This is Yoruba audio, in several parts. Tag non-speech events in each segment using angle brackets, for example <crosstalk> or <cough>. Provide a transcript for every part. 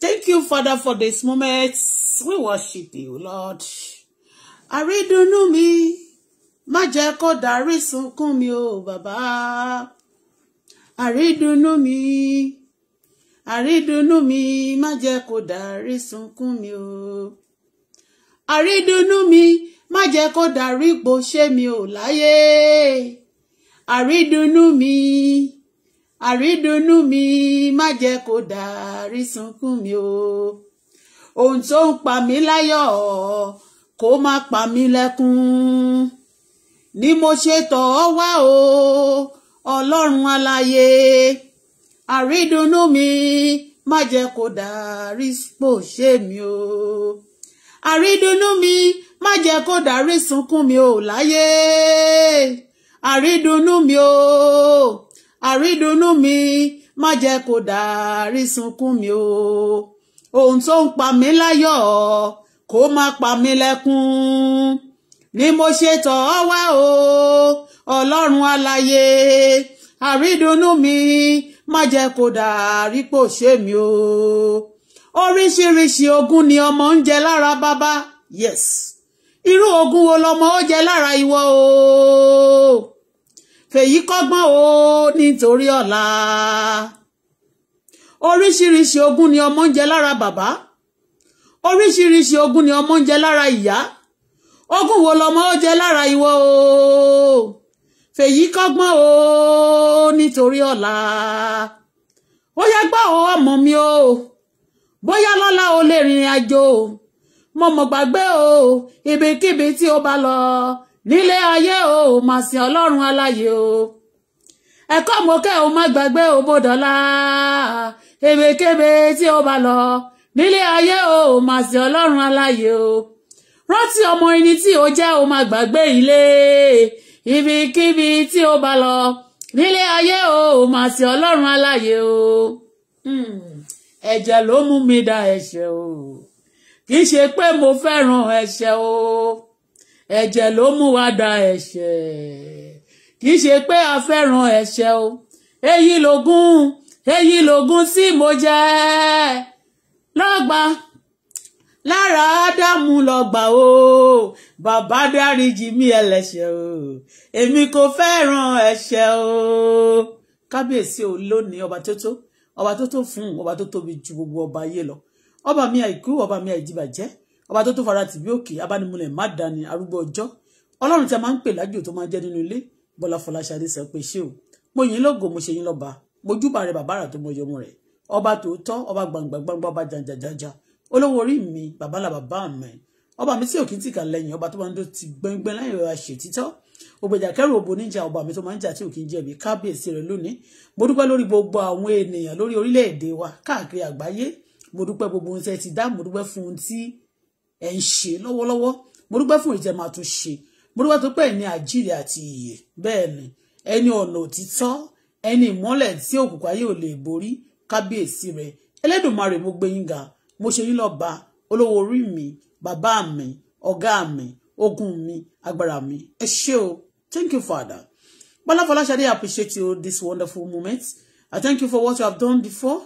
Thank you, Father, for this moment. We worship you, Lord. Àrídùnnú mi, má jẹ́ kó dárí sunkún mi o, Bàbá. Àrídùnnú mi, àrídùnnú mi, má jẹ́ kó dárí sunkún mi o. Àrídùnnú mi, má jẹ́ kó dárí gbòṣe mi o láyé. Àrídùnnú mi àrídùnnú mi má jẹ́ kó dàrí sunkún mi o ohun tó ń pa mí láyọ̀ kó má pa mí lẹ́kún ni mo ṣe tọ̀ ọ́ wá o ọlọ́run aláyé àrídùnnú mi má jẹ́ kó dàrí pòṣé mi o àrídùnnú mi má jẹ́ kó dàrí sunkún mi o láyé àrídùnnú mi o àrídùnnú mi má jẹ́ kó dàrí sunkún mi o ohun tó ń pa mí láyọ̀ kó má pa mí lẹ́kún ni mo ṣe tọ̀ ọ́ wá o ọlọ́run aláyé àrídùnnú mi má jẹ́ kó dàrí pò ṣe mi o oríṣiríṣi ogún ni ọmọ ń jẹ lára bàbá yes irú ogún wo lọmọ ó jẹ lára ìwọ o fèyí kọ́gbọ́n o nítorí ọ̀la oríṣiríṣi ogún ni ọmọ ń jẹ lára bàbá oríṣiríṣi ogún ni ọmọ ń jẹ lára ìyá ogún wo lọmọ ó jẹ lára ìwọ o fèyí kọ́gbọ́n o nítorí ọ̀la ó yẹ gbọ́ o ọmọ mi o bóyá lọ́la o lè rìnrìn àjò o mo mọ̀ gbàgbé o ibikíbi tí o bá lọ nílé ayé o ò máa sin ọlọ́run aláyé o ẹ̀kọ́ mọ́kẹ́ o má gbàgbé o bó dọ́là ebèkébé tí o bá lọ nílé ayé o ò máa sin ọlọ́run aláyé o rántí ọmọ ẹni tí o jẹ́ o má gbàgbé ilé ibikíbi tí o bá lọ nílé ayé o ò máa sin ọlọ́run aláyé o hmm, ẹ̀jẹ̀ ló mú mi dá ẹ̀ṣẹ̀ o kì í ṣe pé mo fẹ́ràn ẹ̀ṣẹ̀ o ẹ̀jẹ̀ ló mú wa da ẹ̀ṣẹ̀ kì í ṣe pé a fẹ́ràn ẹ̀ṣẹ̀ o èyí logun èyí logun tí mo jẹ́ lọ́gbà lára ádámù lọ́gbà o bàbá dáríjì mí ẹlẹ́ṣẹ̀ o èmi kò fẹ́ràn ẹ̀ṣẹ̀ o kábíyèsí o lónìí ọba tó tó ọba tó tó fún ọba tó tóbi ju gbogbo ọba ayé lọ ọba mi àìkú ọba mi àìjìbàjẹ́ ọba tó tún fara tìbí òkè abánimúlẹ̀ má dání arúgbó ọjọ́ ọlọ́run tí a máa ń pè lájò tó máa jẹ́ nínú ilé bọ́lá fọláṣadé sọ pé ṣé o mo yìn lógo mo ṣe yín lọ́ba mo júbà rẹ bàbá rà tó mọ yọmọ rẹ ọba tòótọ́ ọba gbangba gbangba ọba jàǹjàǹjàǹjà olówó orí mi bàbá là bàbá mi ọba mi tí òkè ń tìkà lẹ́yìn ọba tó máa ń dó ti gbẹngbẹn láyìn ọba ṣètítọ́ ògbèjà kẹrù òbò níjà ọba mi tó máa ń jà tí òkè ń jẹ̀bi kábíyèsí rẹ lónìí mo dúpẹ́ lórí gbogbo àwọn ènìyàn lórí orílẹ̀-èdè wa káàkiri àgbáyé mo dúpẹ́ gbogbo ohun ti dá mo dúpẹ́ fún ohun tí ẹ̀ ń ṣe lọ́wọ́lọ́wọ́ mo dúpẹ́ fún ìjẹ́ máa tún ṣe mo dúpẹ́ tó pẹ́ ní àjíire àti ìyè bẹ́ẹ̀ ni ẹni ọ̀nà òtítọ́ ẹni ìmọ́lẹ̀ tí òkùnkùn ayé ò lè borí kábíyèsí rẹ Ẹlẹ́dùmarè mo gbé yín ga mo ṣe yín lọ́ba olówó orí mi bàbá mi ọ̀gá mi ogun mi agbára mi ẹ ṣé o thank you father Bọ́lá Fọláṣadé I appreciate you this wonderful moment I thank you for what you have done before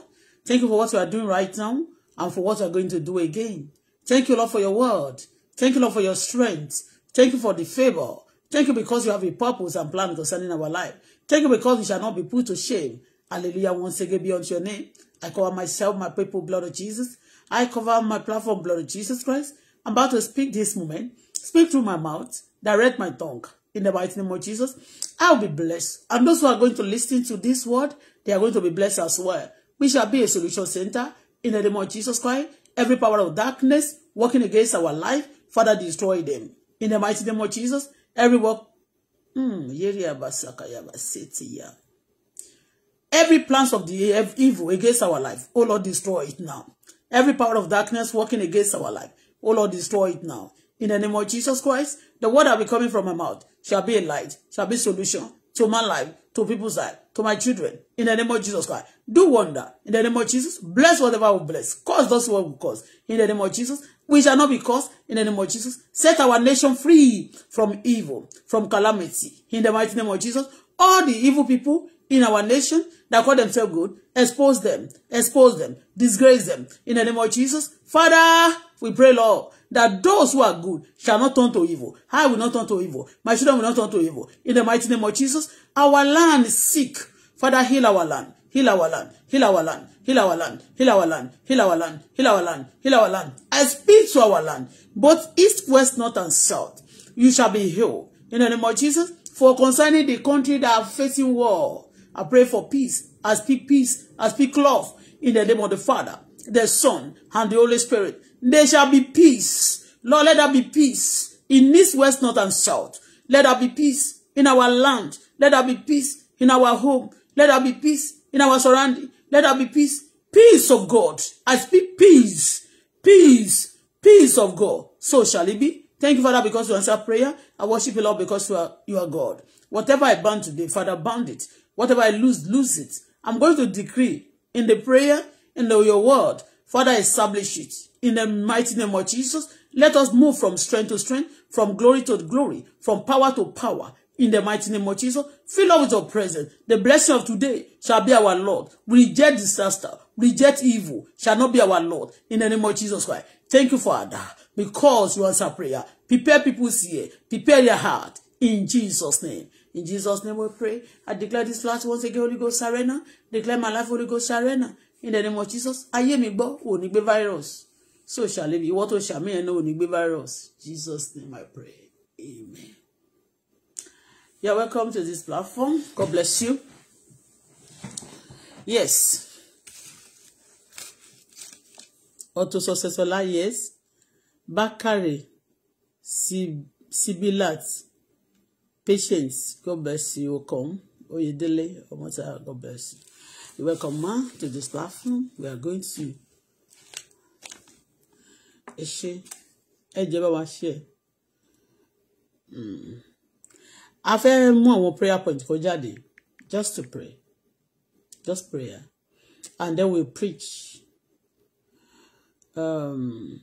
thank you for what you are doing right now and for what you are going to do again Thank you, Lord, for your word. Thank you, Lord, for your strength. Thank you for the favor. Thank you because you have a purpose and plan concerning our life. Thank you because we shall not be put to shame. Hallelujah. Once again, be unto your name. I cover myself, my people, blood of Jesus. I cover my platform, blood of Jesus Christ. I'm about to speak this moment. Speak through my mouth. Direct my tongue. In the mighty name of Jesus, I'll be blessed. And those who are going to listen to this word, they are going to be blessed as well. We shall be a solution center. In the name of Jesus Christ, Every power of darkness working against our life, Father, destroy them. In the mighty name of Jesus, every work, mm, every plans of the evil against our life, oh Lord, destroy it now. Every power of darkness working against our life, oh Lord, destroy it now. In the name of Jesus Christ, the word that will be coming from my mouth shall be a light, shall be solution to my life, to people's life, to my children in the name of Jesus Christ. Do wonder in the name of Jesus. Bless whatever we bless. Cause those who will cause in the name of Jesus. We shall not be caused. in the name of Jesus. Set our nation free from evil, from calamity in the mighty name of Jesus. All the evil people in our nation that call themselves good, expose them, expose them, disgrace them in the name of Jesus. Father, we pray, Lord, that those who are good shall not turn to evil. I will not turn to evil. My children will not turn to evil. In the mighty name of Jesus, our land is sick. Father, heal our land. Heal our land. Heal our land. Heal our land. Heal our land. Heal our land. Heal our land. Heal our land. I speak to our land, both east, west, north, and south. You shall be healed. In the name of Jesus, for concerning the country that are facing war, I pray for peace. I speak peace. I speak love. In the name of the Father, the Son, and the Holy Spirit. There shall be peace. Lord, let there be peace in this west, north, and south. Let there be peace in our land. Let there be peace in our home. Let there be peace in our surrounding. Let there be peace. Peace of God. I speak peace. Peace. Peace of God. So shall it be. Thank you, Father, because you answer prayer. I worship you, Lord, because you are, you are God. Whatever I bound today, Father, bound it. Whatever I lose, lose it. I'm going to decree in the prayer, in the, your word. Father, establish it in the mighty name of Jesus. Let us move from strength to strength, from glory to glory, from power to power. In the mighty name of Jesus, fill us with your presence. The blessing of today shall be our Lord. We reject disaster. Reject evil. Shall not be our Lord. In the name of Jesus Christ. Thank you, Father, because you answer prayer. Prepare people's ear. Prepare their heart. In Jesus' name. In Jesus' name we pray. I declare this last once again, Holy Ghost arena. Declare my life, Holy Ghost arena. In the name of Jesus. Ayé mi gbọ́, virus so shall it be ìwọ tó ṣàmì ẹ̀ náà ò ní gbé virus Jesus name I pray amen you are welcome to this platform God bless you yes Auto Successola yes Bakare Sibilat patience God bless you welcome Oyedele Omota God bless you you welcome ma to this platform we are going to ẹ ṣe ẹ jẹ́ bá wa ṣe ẹ hmm. a fẹ́ mú àwọn prayer point kan jáde just to pray just prayer and then we preach um,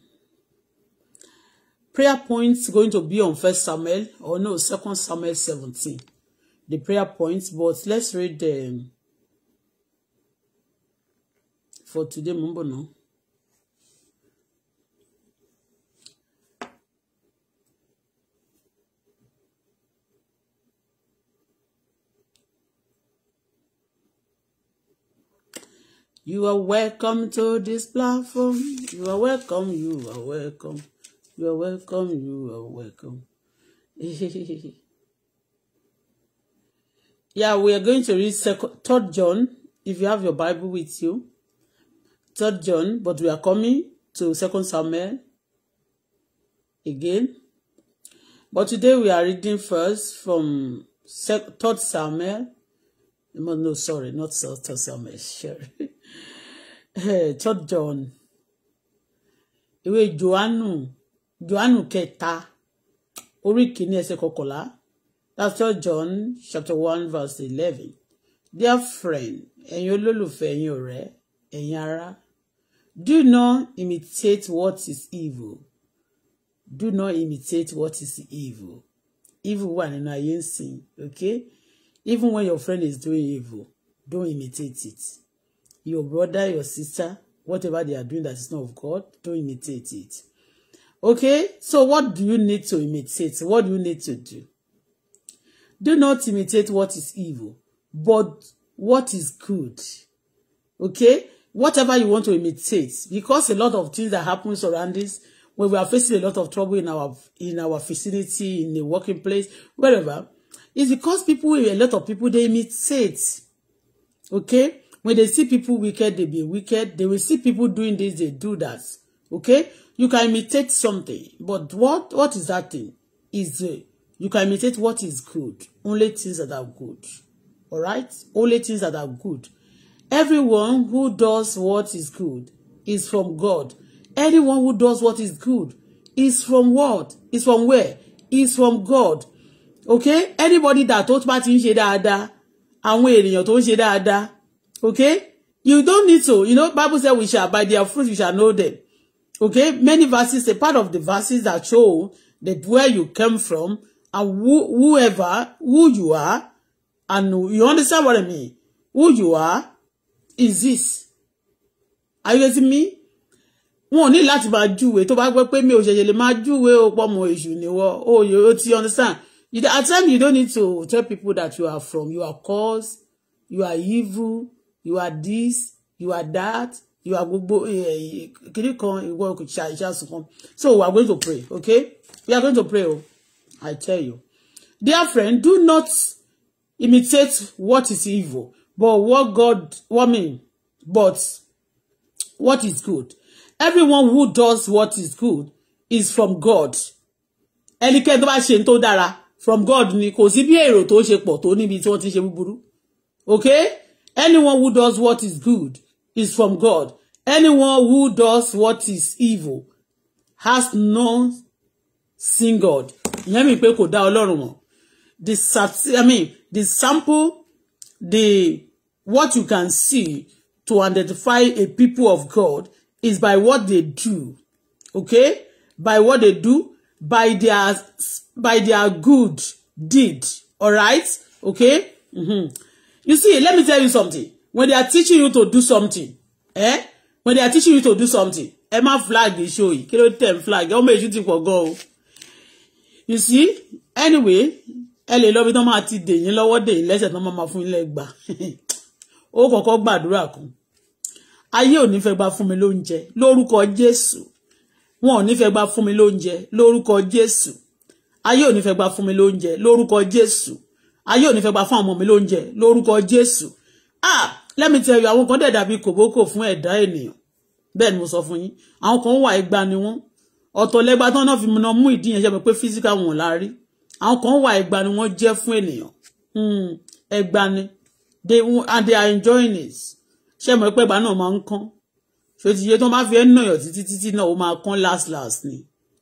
prayer point going to be on first Samuel or no second Samuel seventeen the prayer point but let's read them for today mo ń bọ̀ náà. You are welcome to this platform. You are welcome. You are welcome. You are welcome. You are welcome. <laughs> yeah, we are going to read second, third John. If you have your Bible with you, third John. But we are coming to Second Samuel again. But today we are reading first from third Samuel. No, sorry, not third Samuel. Sure. <laughs> third eh, John ìwé Jòhánù Jòhánù kẹta orí kìíní ẹsẹ̀ kọkànlá that's third John chapter one verse eleven dear friend ẹ̀yin olólùfẹ́ ẹ̀yin ọ̀rẹ́ ẹ̀yin ará do not imitate what is evil do not imitate what is evil evil wà nínú ayé ń sìn okay even when your friend is doing evil don't imitate it your brother, your sister, whatever they are doing that is not of God, don't imitate it. Okay? So what do you need to imitate? What do you need to do? Do not imitate what is evil, but what is good. Okay? Whatever you want to imitate, because a lot of things that happen around us, when we are facing a lot of trouble in our in our vicinity, in the working place, wherever, it's because people, a lot of people, they imitate. Okay? When they see people wicked, they be wicked. They will see people doing this, they do that. Okay? You can imitate something, but what what is that thing? Is uh, you can imitate what is good. Only things that are good. Alright? Only things that are good. Everyone who does what is good is from God. Anyone who does what is good is from what? Is from where? Is from God. Okay? Anybody that tó bá ti ń ṣe dáadáa, àwọn ènìyàn tó ń ṣe Okay? You don't need to. You know, Bible says we shall, by their fruit we shall know them. Okay? Many verses, a part of the verses that show that where you came from and who, whoever, who you are, and you understand what I mean? Who you are is this. Are you getting me? Wọn ò ní láti máa júwe tó bá gbọ́ pé mi ò ṣẹ̀ṣẹ̀ lè máa júwe ó pọ̀ mọ́ èṣù níwọ̀ ó yẹ ó ti understand. You, at times you don't need to tell people that you are from, you are cause. you are evil you are this you are that you are gbogbo eh, kiri kan ìwọ kò ṣe àìṣàsùn kan so we are going to pray okay we are going to pray o oh. I tell you dear friend do not imitate what is evil but what God what mean but what is good everyone who does what is good is from God ẹnikẹ́ni tó bá ṣe tó dára from God ni kò sí bí èrò tó ṣe pọ̀ tó níbi tí wọ́n ti ṣe búburú okay. Anyone who does what is good is from God. Anyone who does what is evil has not seen God. Let me pick kò dá Ọlọ́run mọ̀. The I mean the sample the what you can see to identify a people of God is by what they do. Okay? By what they do, by their by their good deed. All right? Okay? Mm-hmm. You see, let me tell you something. When they are teaching you to do something, eh? When they are teaching you to do something, Emma flag the show yìí. Kí ló tẹ̀ ń flag? Ọmọ make you think for go. You see, anyway, ẹ lè lọ bí tán máa ti dè yín lọ́wọ́ dè yín lẹ́sẹ̀ tán máa máa fún yín lẹ́gbàá. <laughs> Ó kọ́kọ́ gbàdúrà kan. Ayé ò ní fẹ́ gba fún mi lóúnjẹ lórúkọ Jésù. Wọn ò ní fẹ́ gba fún mi lóúnjẹ lórúkọ Jésù. Ayé ò ní fẹ́ gba fún mi lóúnjẹ lórúkọ Jésù ayé ò ní fẹ́ gba fún ọmọ mi lóúnjẹ lórúkọ jésù ah let me tell you àwọn kan dẹ̀ dàbí kòbókò fún ẹ̀dá ènìyàn bẹ́ẹ̀ ni mo sọ fún yín àwọn kan wà ẹgba ni wọ́n ọ̀tọ̀ lẹ́gba tán náà fi mọ mú ìdí yẹn ṣe mọ̀ pé physical wọn la rí àwọn kan wà ẹgba ni wọ́n jẹ́ fún ènìyàn hmm, ẹgba ni they and they are enjoying it ṣe mọ̀ pé ẹgba náà máa ń kán ṣòtìyẹ tó máa fi ẹ́ nàyọ̀ títí títí náà ó máa kán last last ni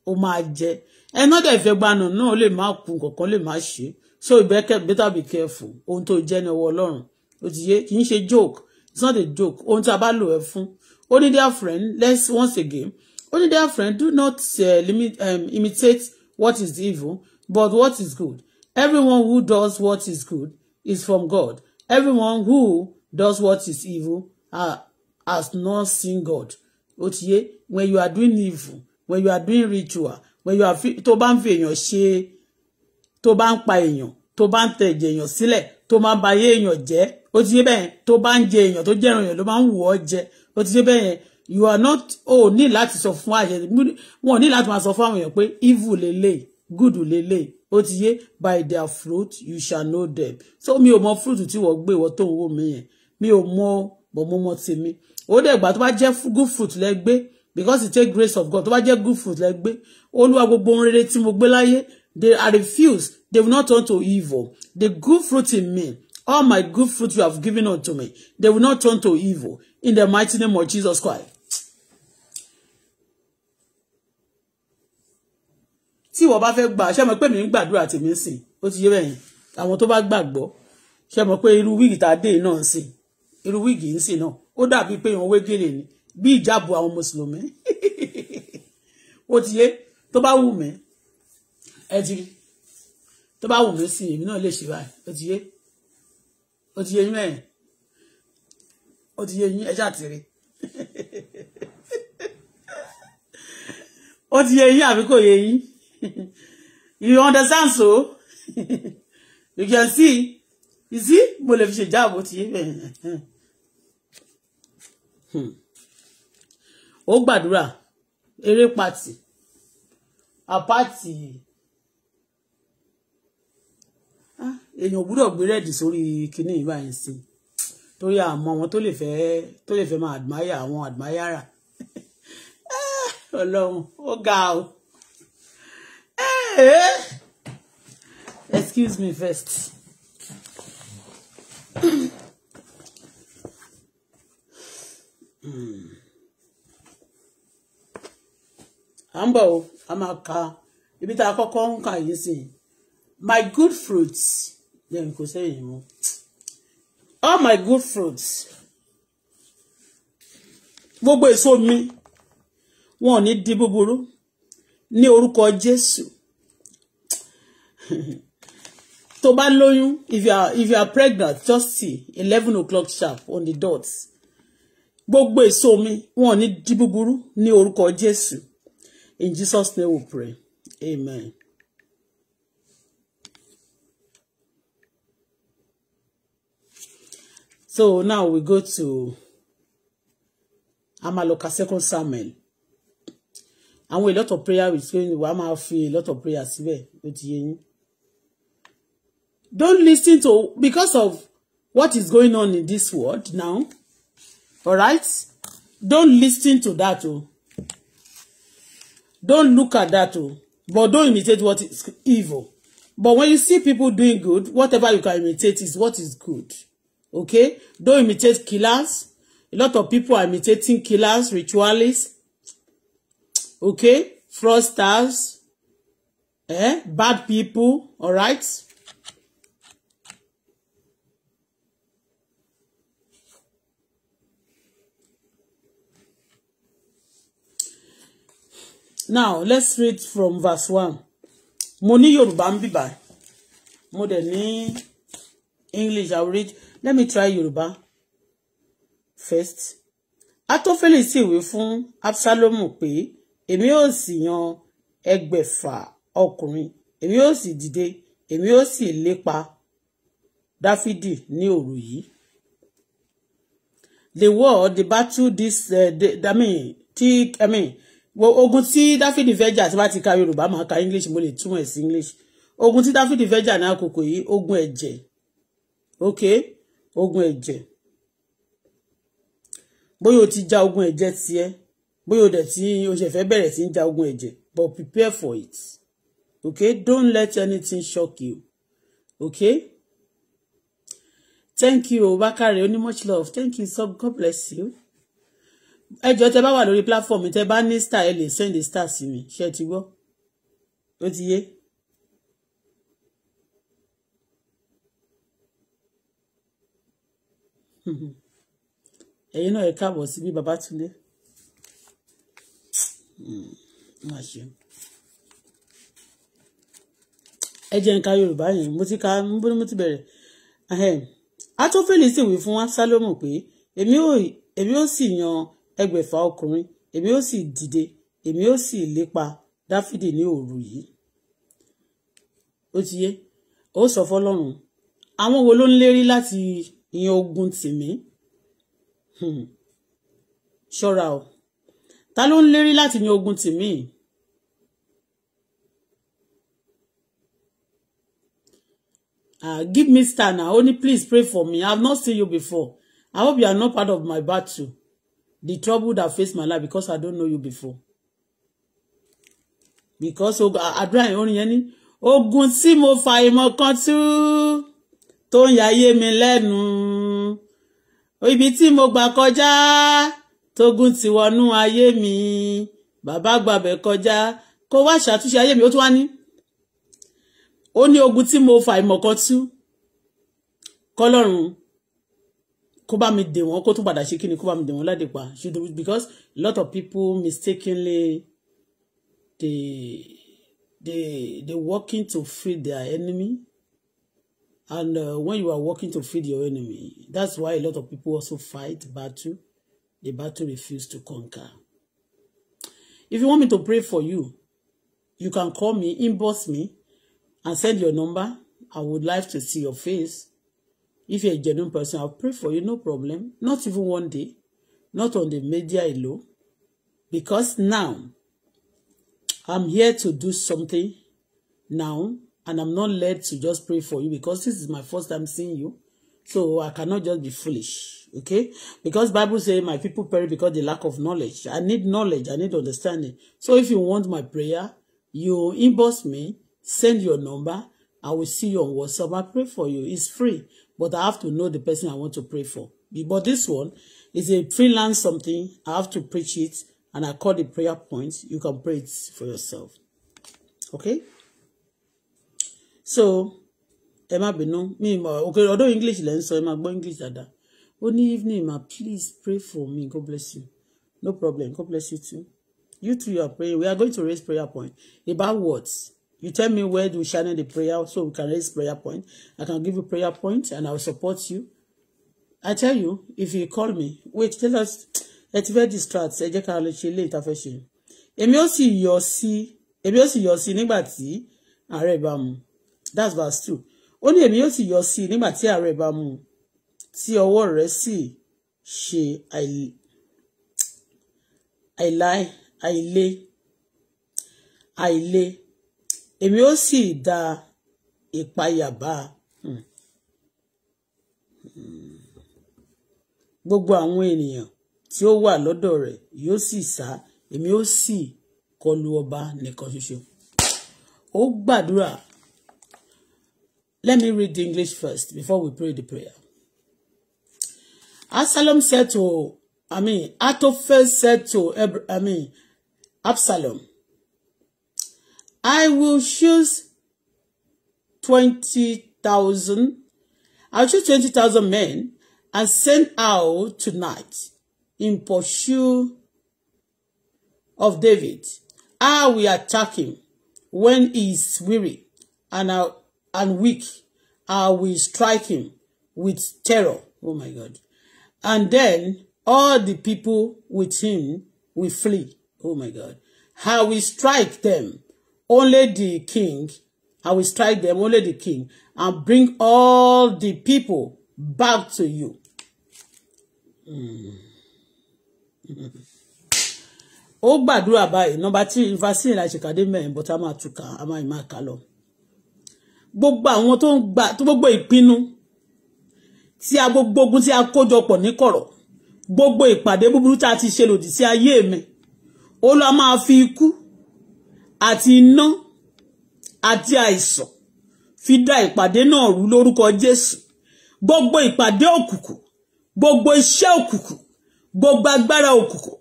ó máa jẹ ẹ náà dẹ̀ fẹ́ gbanà náà ó lè má kú nǹkan kan lè má ṣe é so better be careful ohun tó jẹ́ ní ọwọ́ ọlọ́run ó ti yé kì í ṣe joke it's not a joke ohun tí a bá lò ẹ fún ó ní dear friend let's once again ó ní dear friend do not uh, limit, um, imitate what is evil but what is good everyone who does what is good is from God everyone who does what is evil uh, has not seen God ó ti yé when you are doing evil when you are doing ritual when you are tó bá ń fi èèyàn ṣe. To bá ń pa èèyàn tó bá ń tẹ̀jẹ̀ èèyàn sílẹ̀ tó máa ń ba ayé èèyàn jẹ́ ó ti yé bẹ́ẹ̀ tó bá ń jẹ èèyàn tó jẹ́ràn èèyàn ló máa ń wù ọ́ jẹ ó ti yé bẹ́ẹ̀ you are not o oh, ní láti sọ fún àyè wọn ní láti máa sọ fún àwọn èèyàn pé evil lele good lele ó ti yé by their fruit you shall know them so mi ò mọ fruit tí wọ́n gbé wọ́n tó ń wò mí yẹn mi ò mọ bọ̀ mo mọ tèmi ó dẹ̀ gbà tó bá jẹ́ good fruit lẹ́gbẹ́ because it take grace of God tó bá jẹ́ good fruit lẹ́gbẹ́ olúwa gbogbo ohun rere tí mo gbé láyé They are refused. They will not turn to evil. The good fruit in me, all my good fruit you have given unto me, they will not turn to evil. In the mighty name of Jesus Christ. Tí wọ́n bá fẹ́ gbà, ṣé mo pé mi ń gbàdúrà tèmi sìn? Ó ti yé bẹ́yìn. Àwọn tó bá gbàgbọ́, ṣé mo pé irú wíìgì tá a dé náà ń sìn? Irú wíìgì ń sìn náà. Ó dàbí pé ìwọ̀n wégele ni bí ìjábọ̀ àwọn mùsùlùmí. <laughs> Ó ti yé tó bá wù mí ẹ ti rí tó bá wù mí sí èmi náà lè ṣe báyìí ó ti yé ó ti yé yín mẹ́rin ó ti yé yín ẹ ṣáà ti rí ó ti yé yín àbí kò yé yín you understand so you can see you see mo lè fi ṣe jáàbò ó ti yé bẹ́ẹ̀ hmm. ó gbàdúrà eré pàtì àpáàtì yìí. èèyàn gbúdọ̀ gbé rẹ́ẹ̀dì sórí kinní ìbáyìí sí torí àmọ́ wọn tó lè fẹ́ tó lè fẹ́ máa admire àwọn admirera <laughs> ọlọ́run ó ga o eh, eh. excuse me first. à ń bọ̀ o a máa ka ibi tá a kọ́kọ́ ń kà yìí sí my good fruits jẹ́ mi kò sẹ́yìn mú all my good friends, gbogbo èso mi wọn ò ní di búburú ní orúkọ Jésù <laughs> tó bá lóyún if you are if you are pregnant just see eleven o'clock sharp on the dot gbogbo èso mi wọn ò ní di búburú ní orúkọ Jésù in Jesus name we pray amen. So now we go to Amaloka second Samuel. And we a lot of prayer is going to I'm feel a lot of prayer síbẹ̀. Don't listen to because of what is going on in this world now. All right? Don't listen to that. Oh. Don't look at that. Oh. But don't imitate what is evil. But when you see people doing good, whatever you can imitate is what is good. Okay? Don't imitate killers. A lot of people are imitating killers, ritualists. Okay? Fraudsters. Eh? Bad people. All right? Now, let's read from verse one. Mo ní Yorùbá ń bíbá. Mo dẹ̀ ní English. I'll read let me try Yoruba. first atọ́fẹ́lì sì wí fún Absalomu pé èmi ó sì yan ẹgbẹ̀fà ọkùnrin èmi ó sì dìde èmi ó sì lépa Dáfídì ní òru yìí the war the battle this uh, the, i mean ti i mean ogun tí dáfídì fẹ́ jà tí bá ti ka yorùbá máa ka english mo lè túmọ̀ ẹ̀ sí english ogun tí dáfídì fẹ́ jà ní àkókò yìí ogun ẹ̀jẹ̀ okay ogun ẹ̀jẹ̀ bóyá o ti ja ogun ẹ̀jẹ̀ tiẹ̀ bóyá o dẹ̀ ti o ṣe fẹ́ bẹ̀rẹ̀ sí ń ja ogun ẹ̀jẹ̀ but prepare for it okay don't let anything shock you okay thank you Bakare oní much love thank you so God bless you ẹ jọ̀ọ́ tẹ́ bá wà lórí platform tẹ́ bá ní star ẹ lè send the star sí mi ṣé ẹ ti gbọ́ ó ti yé. <laughs> ẹ̀yin náà ẹ káàbọ̀ sí bí Babátúndé hmm, ẹ jẹ́ ń ka Yorùbá yẹn mo ti ka bóni mo ti bẹ̀rẹ̀ atọ́fẹ́lì sì wí fún Absalomu pé èmi ó sì yan ẹgbẹ̀fà ọkùnrin èmi ó sì dìde èmi ó sì lépa Dáfídì ní òru yìí ó ti yé ó sọ fọ́lọ́run àwọn wo ló ń lérí láti ìyẹn ogun tìmí hmm. ṣọ́ra o ta ló ń lérí láti yan ogun tìmí uh, ah, give me star now only please pray for me i have not seen you before i hope you are not part of my battle the trouble that face my life because i don't know you before because ah, àdúrà yẹn orin yẹn ni ogun tí mo fà ìmọ̀ kan tú tó ń yayé mi lẹ́nu ibi tí mo gbà kọjá tógun ti wọnú ayé mi bàbá gbàbẹ̀ kọjá kó wá ṣàtúnṣe ayé mi ó tún wá ní ó ní ogun tí mo fà ìmọ̀kan tú kọlọ́run kó bá mi dè wọ́n kó tún padà ṣe kí ni kó bá mi dè wọ́n láde because a lot of people mistakenly they they they working to free their enemy And uh, when you are working to feed your enemy, that's why a lot of people also fight battle. The battle refuses to conquer. If you want me to pray for you, you can call me, inbox me, and send your number. I would like to see your face. If you're a genuine person, I'll pray for you, no problem. Not even one day, not on the media alone. Because now, I'm here to do something now and I'm not led to just pray for you because this is my first time seeing you. So I cannot just be foolish, okay? Because Bible say my people perish because the lack of knowledge. I need knowledge. I need understanding. So if you want my prayer, you inbox me, send your number. I will see you on WhatsApp. I pray for you. It's free, but I have to know the person I want to pray for. But this one is a freelance something. I have to preach it, and I call the prayer points. You can pray it for yourself. Okay? so ẹ má bínú mi mọ òkè ọdún english lẹ ń sọ ẹ má gbọ́ english dáadáa ó ní evening ma please pray for me god bless you no problem god bless you too you too you are praying we are going to raise prayer point about what you tell me where to channel the prayer so we can raise prayer point i can give you prayer point and i will support you i tell you if you call me wait tell us ẹ ti fẹ́ distract ẹ jẹ́ ká lè ṣe ilé ìtafẹ́ ṣe èmi ó sì yọ sí èmi ó sì yọ sí nígbà tí àárẹ̀ bá mu that's verse two ó ní èmi yóò sì yọ sí i nígbà tí àárẹ̀ bá mú un tí ọwọ́ rẹ̀ sì ṣe àìlé àìlé èmi ó sì da ìpayà bá hmm. Hmm. gbogbo àwọn ènìyàn tí ó wà lọ́dọ̀ rẹ̀ yóò sì sá èmi ó sì kọlu ọba nìkan ṣoṣo ó gbàdúrà Let me read the English first before we pray the prayer. Absalom said to, I mean, Ahithophel said to, Ab I mean, Absalom, I will choose 20,000, I'll choose 20,000 men and send out tonight in pursuit of David. I will attack him when he is weary, and I'll and weak. I will strike him with terror. Oh my God. And then all the people with him will flee. Oh my God. I will strike them. Only the king. I will strike them. Only the king. And bring all the people back to you. Mm. <laughs> ó gbàdúrà báyìí nọmba tí vaccine la ṣe kàdé mẹ́rin bọ́tà máa tún kà á máa ì máa gbogbo àwọn tó ń gba tó gbogbo ìpinnu tí a gbogbo ogun tí a kójọpọ̀ ní kọ̀rọ̀ gbogbo ìpàdé búburú tá a ti ṣe lòdì sí ayé mi Olúwa máa fi ikú àti iná àti àìsàn fi dá ìpàdé náà rú lórúkọ Jésù gbogbo ìpàdé òkùnkùn gbogbo iṣẹ́ òkùnkùn gbogbo agbára òkùnkùn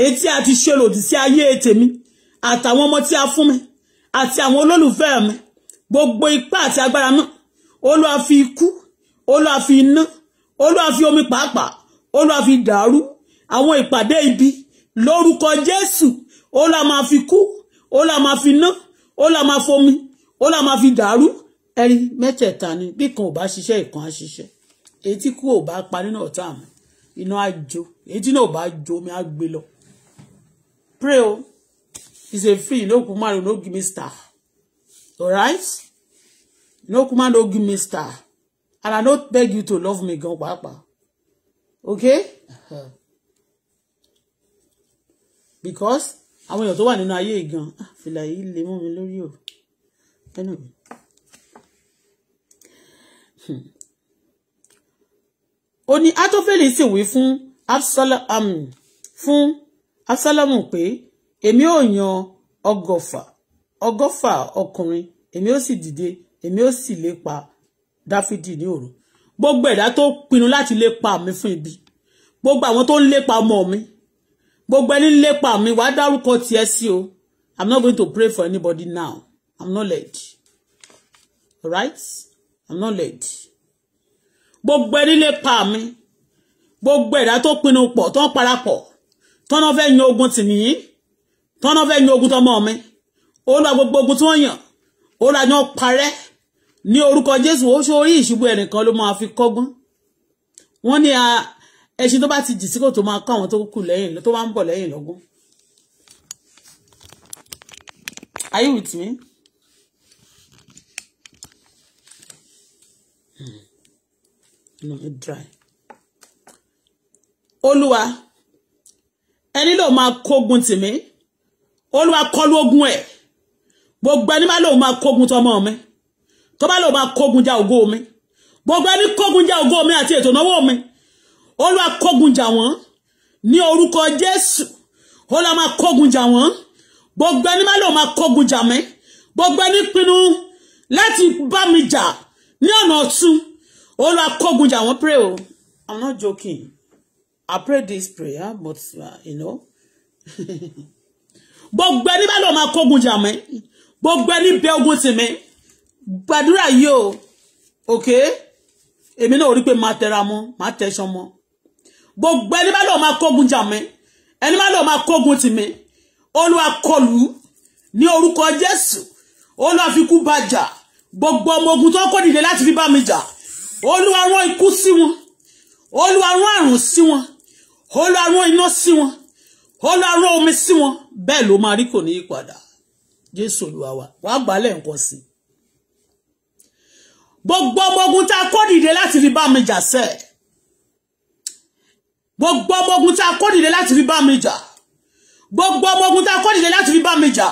èyí tí a ti ṣe lòdì sí ayé tèmi àtàwọn ọmọ tí a fún mi àti àwọn olólùfẹ́ mi gbogbo ipá àti agbára náà olúwa fi ikú olúwa fi iná olúwa fi omi pàápàá olúwa fi dàrú àwọn ìpàdé ibi lórúkọ jésù olúwa máa fi kú olúwa máa fi iná olúwa máa fomi olúwa máa fi dàrú ẹ̀rí mẹ́tẹ̀ẹ̀ta ni bí kan ò bá ṣiṣẹ́ ìkan á ṣiṣẹ́ èyí tí kú ò bá pa nínú ọ̀tá mi iná á jó èyí tí náà ò bá jó omi á gbé lọ pray o is a free no kumari no give me star. Alright, No command, no give me star. And I don't beg you to love me, go papa. Okay? Uh-huh. Because àwọn èèyàn tó wà nínú ayé gan ah, fìlà yìí lè mú mi lórí o. Anyway. Hmm. Oni ní atọ́fẹ́lì sì wí fún absalom um, fún absalom pé èmi ò yan ọgọ́fà ọgọ́fà ọkùnrin èmi ó sì dìde èmi ó sì lépa dáfídì ní òru gbogbo ẹ̀dá tó pinnu láti lépa mi fún ibi gbogbo àwọn tó ń lépa ọmọ mi gbogbo ẹni lépa mi wàá dárúkọ tiẹ̀ sí o i'm not going to pray for anybody now i'm not led alright i'm not led gbogbo ẹni lépa mi gbogbo ẹ̀dá tó pinnu pọ̀ tó ń parapọ̀ tọ́nà fẹ́ yan ogun tì nìyí tọ́nà fẹ́ yan ogun tọmọ mi olúwa gbogbo ogun tí wọ́n yàn olúwa ni wọ́n parẹ́ ní orúkọ jésù ó ṣorí ìṣubú ẹnìkan ló máa fi kọ́gbọ́n wọ́n ní ẹṣin tó bá ti jì sí kò tó máa kọ́ àwọn tó kù lẹ́yìn tó máa ń bọ̀ lẹ́yìn lọ́gbọ́n are you with me. Hmm. inú mi dry. olúwa ẹni ló máa kógun tì mí olúwa kọlu ogun ẹ̀ gbogbo ẹni máa lóun máa kógun tọmọ mi tó bá lóun máa kógun já ògo mi gbogbo ẹni kógun já ògo mi àti ètò ìnáwó mi olúwa kógun jà wọ́n ní orúkọ jésù olúwa máa kógun jà wọ́n gbogbo ẹni máa lóun máa kógun jà mí gbogbo ẹni pinnu láti bá mi jà ní ọ̀nà ọ̀tún olúwa kógun jà wọ́n pray o i'm not joking i pray this prayer but uh, you know <laughs> gbogbo ẹni bá lóun máa kógun jà mí gbogbo ẹni bẹ ogun tì mí gbàdúrà yìí o òkè èmi náà rí pé máa tẹra mọ́ máa tẹsán mọ́ gbogbo ẹni bá lọ máa kógun jà mí ẹni bá lọ máa kógun tì mí olúwa kọlù ní orúkọ jésù olúwa fi kú bá jà gbogbo ọmọ ogun tó kó dìde láti fi bá mi jà olúwa rán ikú sí wọn olúwa rán àrùn sí wọn olúwa rán iná sí wọn olúwa rán omi sí wọn bẹ́ẹ̀ ló máa rí kò ní í padà jésù olúwa wa wàá gbà á lẹ́ǹkan sí i gbogbo ọmọ ogun tá a kó dìde láti fi bá mi jà sẹ́ gbogbo ọmọ ogun tá a kó dìde láti fi bá mi jà gbogbo ọmọ ogun tá a kó dìde láti fi bá mi jà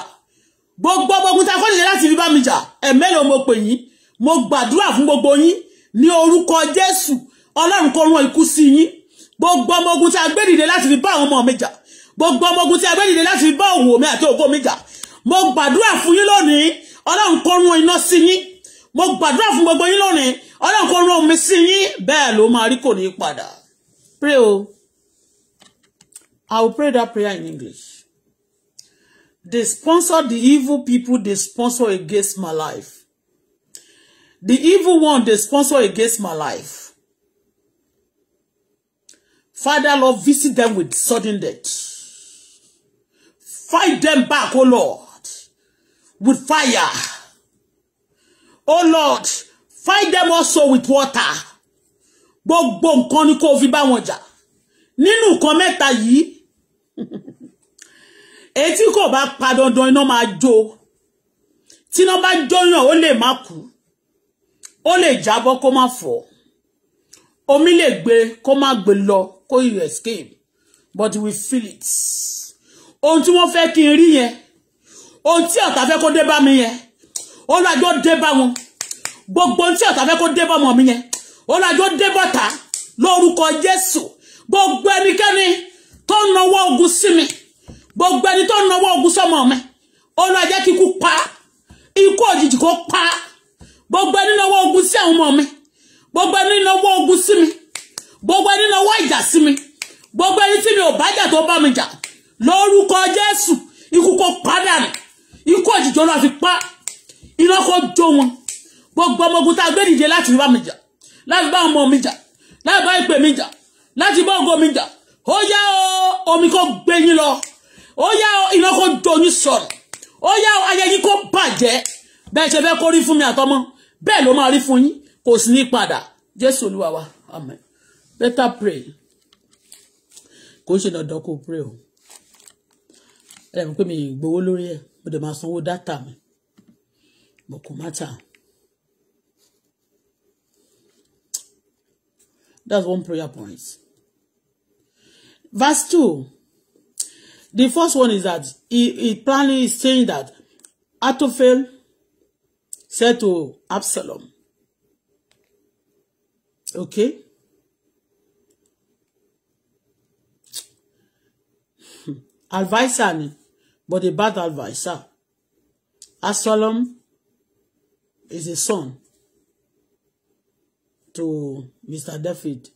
gbogbo ọmọ ogun tá a kó dìde láti fi bá mi jà ẹ̀mẹ́lẹ̀ mo pè yín mo gbàdúrà fún gbogbo yín ní orúkọ jésù ọlọ́run kó rán ikú sí yín gbogbo ọmọ ogun a gbé dìde láti fi bá àwọn ọmọ mi jà gbogbo ọmọ ogun a gbé dìde láti fi bá òwò mi àti ògo mi jà mo gbàdúrà fún yín lónìí ọlọ́run kó rún iná sí yín mo gbàdúrà fún gbogbo yín lónìí ọlọ́run kó rún omi sí yín bẹ́ẹ̀ ló máa rí kò ní padà pray o I will pray that prayer in English they sponsor the evil people they sponsor against my life the evil one they sponsor against my life Father Lord visit them with sudden death fight them back o oh Lord with fire. Oh Lord, fight them also with water. Gbogbo nǹkan ni kó fi bá wọn jà. Nínú nǹkan mẹ́ta yìí, etí <laughs> kò bá pa dandan iná máa jó. Tí iná bá jóyàn, ó lè má kú. Ó lè jábọ́ kó má fọ́. Omi lè gbé kó má gbé lọ kó you escape but we feel it. Ohun tí wọ́n fẹ́ kí n rí yẹn. ohun tí ọ̀tá fẹ́ kó dé bá mi yẹn ọlọ́jọ́ dé bá wọn gbogbo ohun tí fẹ́ kó dé bá mi yẹn ọlọ́jọ́ dé Jésù gbogbo ẹnikẹ́ni tó ń nawọ́ ogun sí mi gbogbo ẹni tó ń nawọ́ ogun sọmọ mi ọlọ́jọ́ pa gbogbo ẹni nawọ́ ogun sí àwọn gbogbo ẹni nawọ́ ogun mi gbogbo ẹni nawọ́ ìjà mi gbogbo ẹni tí ikú òjijì ọlọ́run fi pa iná kó jó wọn gbogbo ọmọ ogun tá a gbé dìde láti bá mi jà láti bá ọmọ mi jà láti bá ìpè mi jà láti bá ògo mi jà ó yá o omi kó gbé yín lọ ó yá o iná kó jó yín sọ̀rọ̀ ó yá o ayé yín kó bàjẹ́ bẹ́ẹ̀ ṣe fẹ́ kó rí fún mi àtọmọ bẹ́ẹ̀ ló máa rí fún yín kò sí ní padà jésù olúwa wa amen better pray kò ń ṣe dandan kó pray o ẹ rẹ̀ mí pé mi gbowó lórí ẹ̀ mo dẹ̀ máa sanwó dátà mi but kò matter. That's one prayer point. Verse two, The first one is that he, he plainly is saying that Atophel said to Absalom, okay? <laughs> Advisor ni but a bad advisor. Absalom is a son to Mr. David.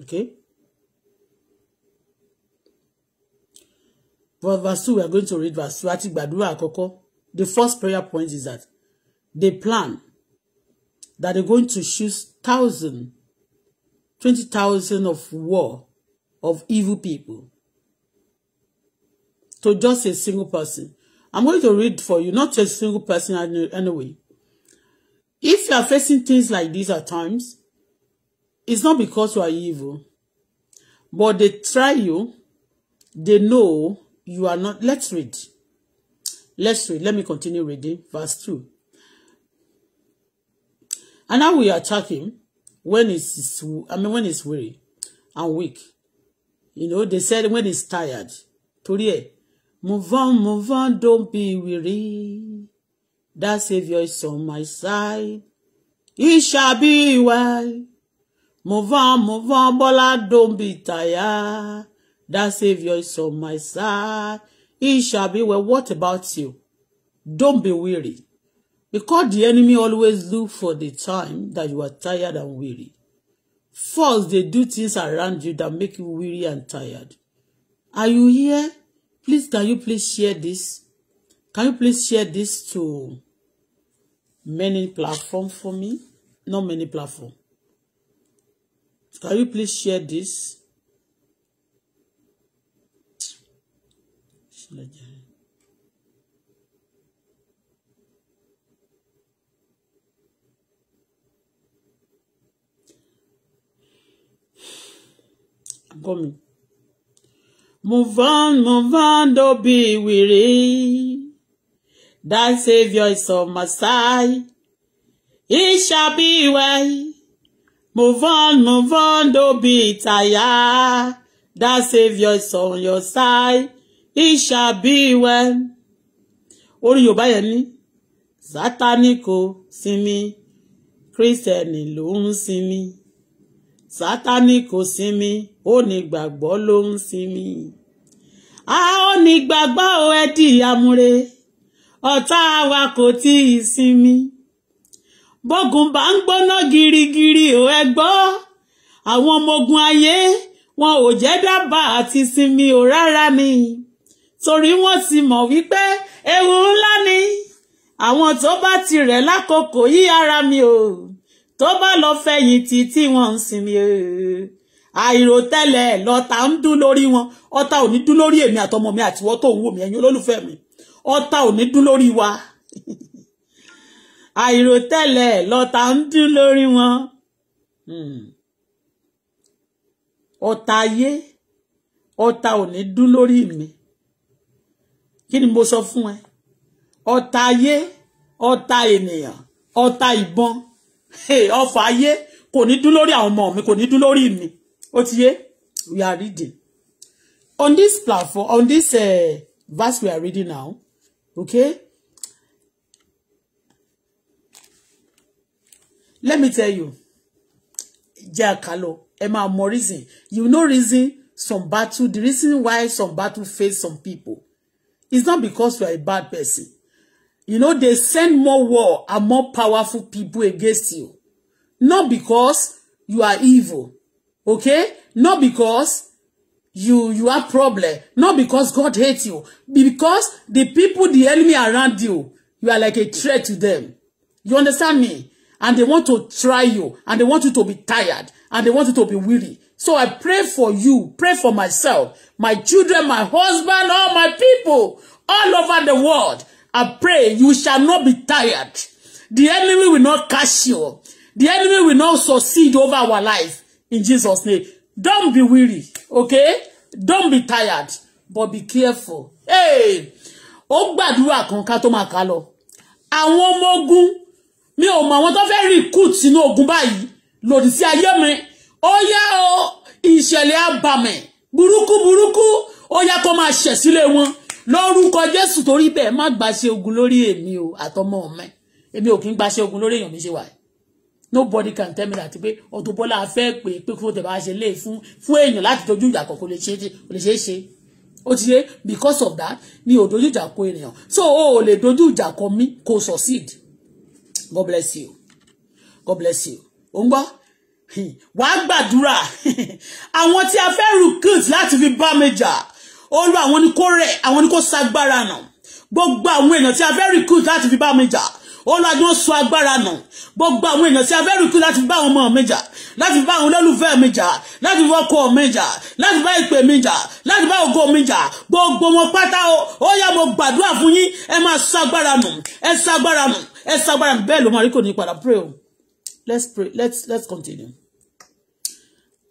Okay? But verse 2, we are going to read verse 2. Àti gbàdúrà The first prayer point is that they plan that they're going to choose thousand, twenty thousand of war of evil people to just a single person. I'm going to read for you, not a single person anyway. If you are facing things like these at times, it's not because you are evil, but they try you. They know you are not. Let's read. Let's read. Let me continue reading. Verse 2. And now we attack him when it's, I mean, when it's weary and weak. You know, they said when it's tired. Torí Move on, move on, don't be weary. That Savior is on my side. it shall be well. Move on, move on, Bola, don't be tired. That Savior is on my side. it shall be well. What about you? Don't be weary. Because the enemy always look for the time that you are tired and weary. First, they do things around you that make you weary and tired. Are you here? Please, can you please share this? Can you please share this to many platform for me? Not many platform. Can you please share this? I'm <sighs> coming. Move on, move on, don't be weary. That Savior is on my side. he shall be well. Move on, move on, don't be tired. That Savior is on your side. he shall be well. Orí Yorùbá yẹn ní Sátánì kò sinmi, Kírísítẹ̀nì ló ń sinmi. Sátánì sinmi onígbàgbọ́ ló ń sinmi a onígbàgbọ́ o ẹ di amúre ọ̀tá wa kò tí ì sinmi bógun bá ń gbóná girigiri o ẹ gbọ́ àwọn ọmọ ogun ayé wọn ò jẹ́ dábàá àti sinmi o rárá ni torí wọ́n ti mọ̀ wípé ewu ńlá ni àwọn tó bá ti rẹ̀ lákòókò yí ara mi o tó bá lọ fẹ̀yìntì tí wọ́n ń sinmi o àìròtẹ́lẹ̀ lọ́tà ń dún lórí wọn ọ̀tá ò ní dún lórí èmi àtọmọ mi àtiwọ́ tó ń wò mí ẹ̀yin olólùfẹ́ mi ọ̀tá ò ní dún lórí wa <laughs> àìròtẹ́lẹ̀ lọ́tà ń dún lórí wọn hmm. ọ̀tá ayé ọ̀tá ò ní dún lórí mi kí ni mo sọ fún ẹ ọ̀tá ayé ọ̀tá ènìyàn ọ̀tá ìbọn ọ̀fà ayé kò ní dún lórí àwọn ọmọ mi kò ní dún lórí mi ó we are reading on this platform on this uh, verse we are reading now okay let me tell you jẹ́ àkàlọ́ ẹ máa you know reason some battle the reason why some battle face some people it's not because you are a bad person you know they send more war and more powerful people against you not because you are evil Okay? Not because you you have problem. Not because God hates you. Because the people, the enemy around you, you are like a threat to them. You understand me? And they want to try you. And they want you to be tired. And they want you to be weary. So I pray for you. Pray for myself, my children, my husband, all my people, all over the world. I pray you shall not be tired. The enemy will not catch you. The enemy will not succeed over our life in Jesus' name. Don't be weary, okay? Don't be tired, but be careful. Hey! Ó gbàdúrà kan ká tó máa ká lọ. Àwọn ọmọ ogun mi ò mọ àwọn tó fẹ́ recruit sínú ogun báyìí lòdì sí ayé mi. Ó yá o ìṣẹ̀lẹ̀ abàmẹ̀ burúkú burúkú ó yá kó máa ṣẹ̀ sílé wọn lórúkọ Jésù torí bẹ́ẹ̀ má gbàṣe ogun lórí èmi o àtọmọ mi èmi ò kí ń gbàṣe ogun lórí èèyàn mi ṣe wáyé nobody can tell me that pé Auto Bola fẹ́ pé pé kí wọ́n tẹ̀ bá ṣe lé fún fún èèyàn láti dojú ìjà kọ̀ kó lè ṣe kó lè ṣe é ṣe ó ti ṣe because of that ni ò dojú ìjà kọ ènìyàn so o ò lè dojú ìjà kọ mí kó succeed God bless you God bless you ò ń gbọ́ wà á gbàdúrà àwọn tí a fẹ́ recruit láti fi bá mi jà olú àwọn ni kó rẹ̀ àwọn ni kó sagbára nà gbogbo àwọn èèyàn tí a fẹ́ recruit láti fi bá mi jà olúwa ni ó sọ agbára nà gbogbo àwọn èèyàn tí a fẹ́ rìkú láti bá àwọn ọmọ mi jà láti bá àwọn olólùfẹ́ mi jà láti bá ọkọ mi jà láti bá ìpè mi jà láti bá ògo mi jà gbogbo wọn pátá o ó yá mo gbàdúrà fún yín ẹ máa sọ agbára nà ẹ sọ agbára nà ẹ sọ agbára nà bẹ́ẹ̀ ló máa rí kò ní padà pray o let's pray let's let's continue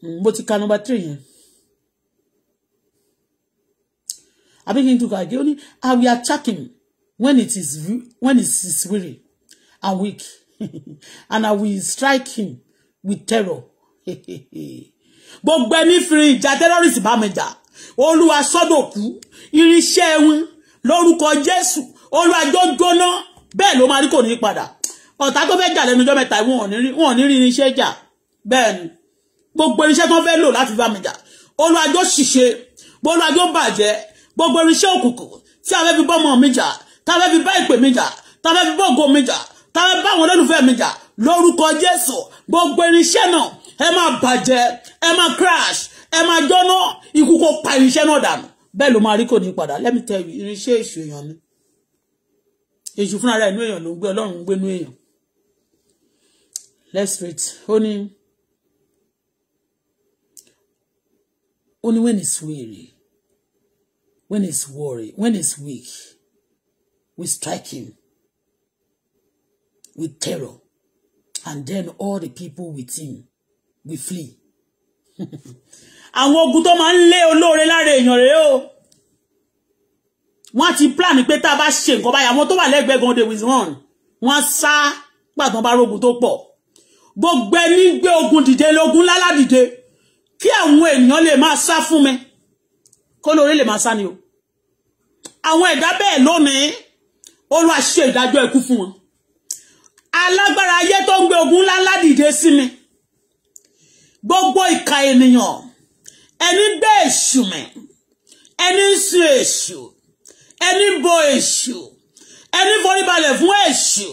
hmm, mo ti ka number three yẹn. àbí kí n tukọ̀ àjẹ́ ó ní i will attack when it is when it is weary and weak, <laughs> and I will strike him with terror. <laughs> Gbogbo ẹni fìrí ìjà terrorist bá mi jà, Olúwa sọ́dọ̀kú, irinṣẹ́ wọn lórúkọ Jésù, Olúwa jọ gbóná, bẹ́ẹ̀ ló máa rí kò ní padà. Ọ̀tá tó fẹ́ jà lẹ́nu ọjọ́ mẹ́ta wọn ò ní rí irinṣẹ́ jà, bẹ́ẹ̀ ni. Gbogbo irinṣẹ́ tó fẹ́ lò láti bá mi jà, Olúwa jọ ṣìṣe, Olúwa jọ bàjẹ́, gbogbo irinṣẹ́ òkùnkùn tí a fẹ́ fi bọ́mọ mi jà, tá fi bá ìpè mi jà tá fi bá ògo mi jà tá bá àwọn olólùfẹ́ mi jà lórúkọ Jésù gbogbo irinṣẹ́ náà ẹ máa bàjẹ́ ẹ máa crash ẹ máa jóná ikú kó pa irinṣẹ́ náà dànù bẹ́ẹ̀ ló máa rí kò ní padà let me irinṣẹ́ èṣù èèyàn ni èṣù fúnra rẹ̀ inú èèyàn ló ń gbé Ọlọ́run ń gbé inú èèyàn let's read ó ní ó ní when it's weary when it's worry when it's weak we strike him with terror. And then all the people with him we flee. <laughs> Àwọn ogun tó máa ń lé olóore lára èèyàn rèé o. Wọ́n ti plan pé tá a bá ṣe nǹkan báyìí, àwọn tó wà lẹ́gbẹ̀ẹ́ gan-an they will run. Wọ́n sá gbàgbọ́n bá rogun tó pọ̀. Gbogbo ẹni gbé ogun dìde lógun lálá dìde. Kí àwọn èèyàn lè máa sá fún mi. Kólóore lè máa sá ni o. Àwọn ẹ̀dá bẹ́ẹ̀ lónìí olúwa ṣe ìdájọ́ ikú fún wọn alágbára ayé tó ń gbé ogun ńláńlá dìde sí mi gbogbo ìka ènìyàn ẹni gbé èṣù mẹ ẹni ń sun èṣù ẹni bo èṣù ẹni foríbalẹ̀ fún èṣù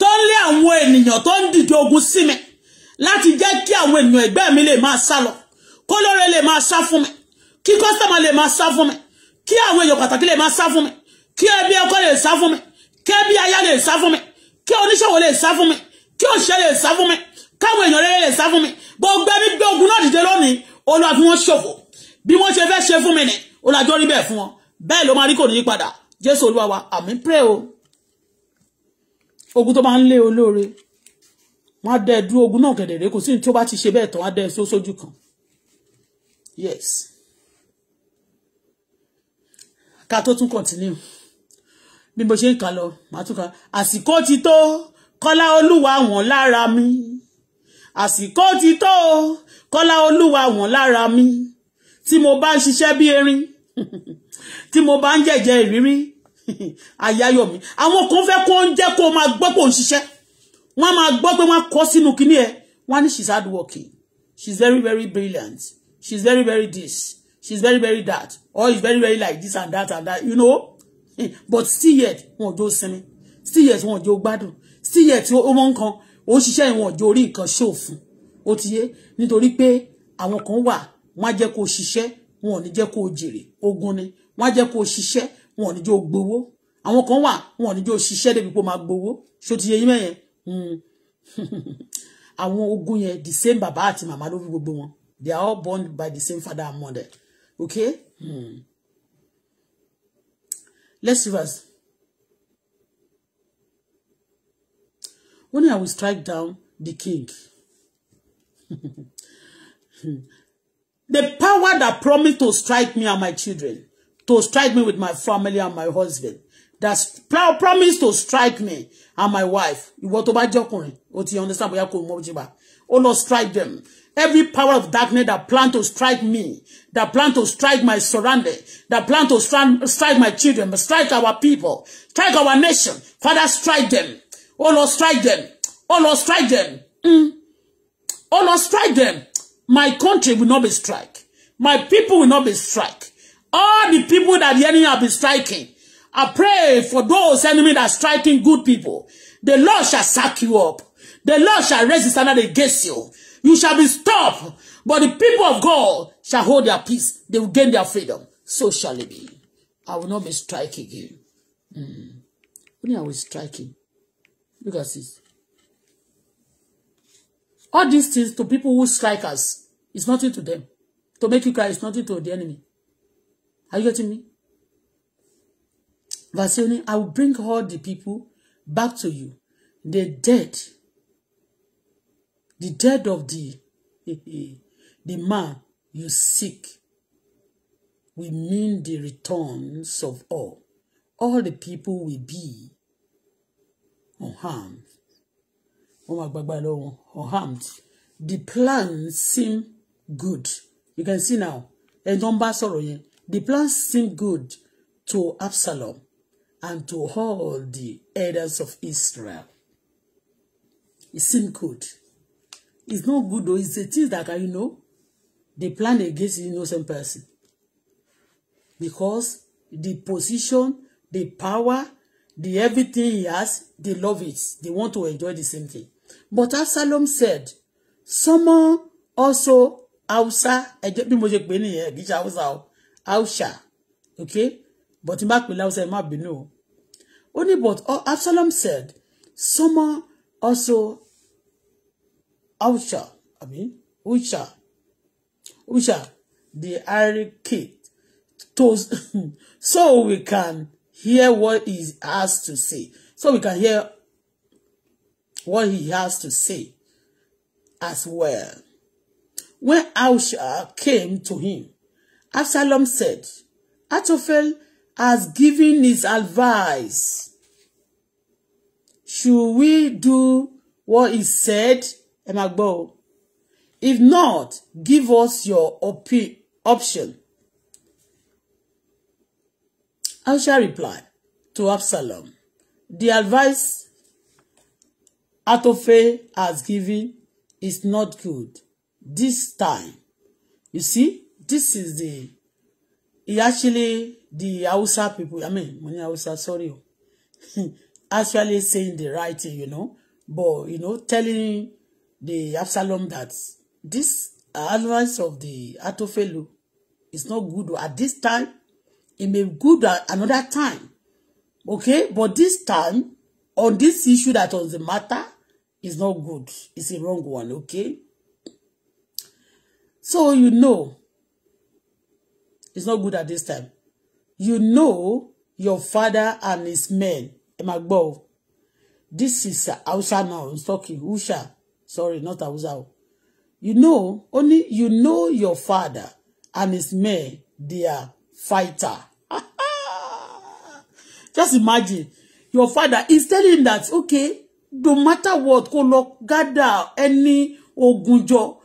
tó ń lé àwọn ènìyàn tó ń dìde ogun sí mi láti jẹ́ kí àwọn ènìyàn ẹgbẹ́ mi lè máa sá lọ kólóore lè máa sá fún mi kí kọ́sítọ́mà lè máa sá fún mi kí àwọn èèyàn pàtàkì lè máa sá fún mi kí ẹbí ọkọ lè sá fún mi kí ẹbí aya lè sá fún mi kí oníṣòwò lè sá fún mi kí òṣìṣẹ́ lè sá fún mi káwọn èèyàn rere lè sá fún mi gbogbo ẹbí gbé ogun náà dìde lónìí olúwa fi wọ́n ṣòfò bí wọ́n ṣe fẹ́ ṣe fún mi ni olùdájọ́ rí bẹ́ẹ̀ fún wọn bẹ́ẹ̀ ló máa rí kò ní padà jésù olúwa wa àmín pray o ogun tó máa ń lé olóore wọn á dẹ dúró ogun náà kẹdẹrẹ kò sí ní tí ó bá ti ṣe bẹ́ẹ̀ tán á dẹ só sójú kan yes ká tó tún continue bí mo ṣe ń kà lọ màá tún kà àsìkò ti tó kọ́lá olúwa wọ̀n lára mi àsìkò ti tó kọ́lá olúwa wọ̀n lára mi tí mo bá ń ṣiṣẹ́ bí erin <laughs> tí mo bá ń jẹ̀jẹ̀ ìrírí àyáyọ̀ <laughs> mi àwọn kan fẹ́ kó ń jẹ́ kó máa gbọ́ pé òun ṣiṣẹ́ wọ́n máa gbọ́ pé wọ́n kọ́ sínú kinní ẹ̀ wọ́n ní she's hard working she's very very brilliant she's very very this she's very very that or is very very like this and that and that you know but still yet wọn ò jó sinmi still yet wọn ò jó still yet ó mọ nǹkan ó ṣiṣẹ́ ìwọ̀n ò jó orí nǹkan ṣòfin ó ti yé nítorí pé àwọn kan wà wọn á jẹ́ kó ṣiṣẹ́ wọn ò ní jẹ́ kó jèrè ogun ni wọn á jẹ́ kó ṣiṣẹ́ wọn ò ní jó gbowó àwọn kan wà wọn ò ní jó ṣiṣẹ́ débi kó máa gbowó So ti yé yín mẹ́yẹn hmm. <laughs> àwọn ogun yẹn the same bàbá àti màmá ló fi gbogbo wọn they are all born by the same father and mother okay. Hmm. Let's reverse. When I will strike down the king, <laughs> the power that promised to strike me and my children, to strike me with my family and my husband, that promised to strike me and my wife, ìwọ tó bá jọkùnrin, o ti understand bóyá kò mọ̀ jìbà, strike them. Every power of darkness that plan to strike me, that plan to strike my surrounding, that plan to strike my children, strike our people, strike our nation. Father, strike them. Oh Lord, strike them. Oh Lord, strike them. Mm. Oh Lord, strike them. My country will not be strike. My people will not be strike. All the people that the enemy have been striking, I pray for those enemy that are striking good people. The Lord shall suck you up. The Lord shall raise his standard against you. You shall be stopped. But the people of God shall hold their peace. They will gain their freedom. So shall it be. I will not be striking you. Mm. Only I will strike Look at this. All these things to people who strike us is nothing to them. To make you cry is nothing to the enemy. Are you getting me? Verse I will bring all the people back to you. The dead the death of the <laughs> the man you seek will mean the returns of all. All the people will be unharmed. Unharmed. The plan seem good. You can see now. The plan seem good to Absalom and to all the elders of Israel. It seemed good. It's not good though. It's the things that can, you know, they plan against the innocent person. Because the position, the power, the everything he has, they love it. They want to enjoy the same thing. But as Absalom said, someone also Hausa, I mo ṣe pè nìyẹn, kì í ṣe Hausa o, Hausa, okay? But má pè Hausa, má bínú o. Only but Absalom said, someone also Usher, I mean, Usher, Usher, the hurricane, toes, <laughs> so we can hear what he has to say. So we can hear what he has to say as well. When Usher came to him, Absalom said, Atophel has given his advice. Should we do what he said ẹ máa if not give us your op option Aisha replied to Absalom the advice Atofe has given is not good this time you see this is the he actually the Hausa people, I mean, money Hausa, sorry, <laughs> actually saying the right thing, you know, but you know, telling the Absalom that this uh, advice of the Atofelu is not good at this time. It may be good at another time. Okay? But this time, on this issue that was the matter, is not good. It's a wrong one. Okay? So you know, it's not good at this time. You know your father and his men. Emagbo, this is Hausa now. I'm talking Usha sorry not Hausa you know only you know your father and his men they are fighter <laughs> just imagine your father is telling that okay no matter what kó lọ gather any ogunjọ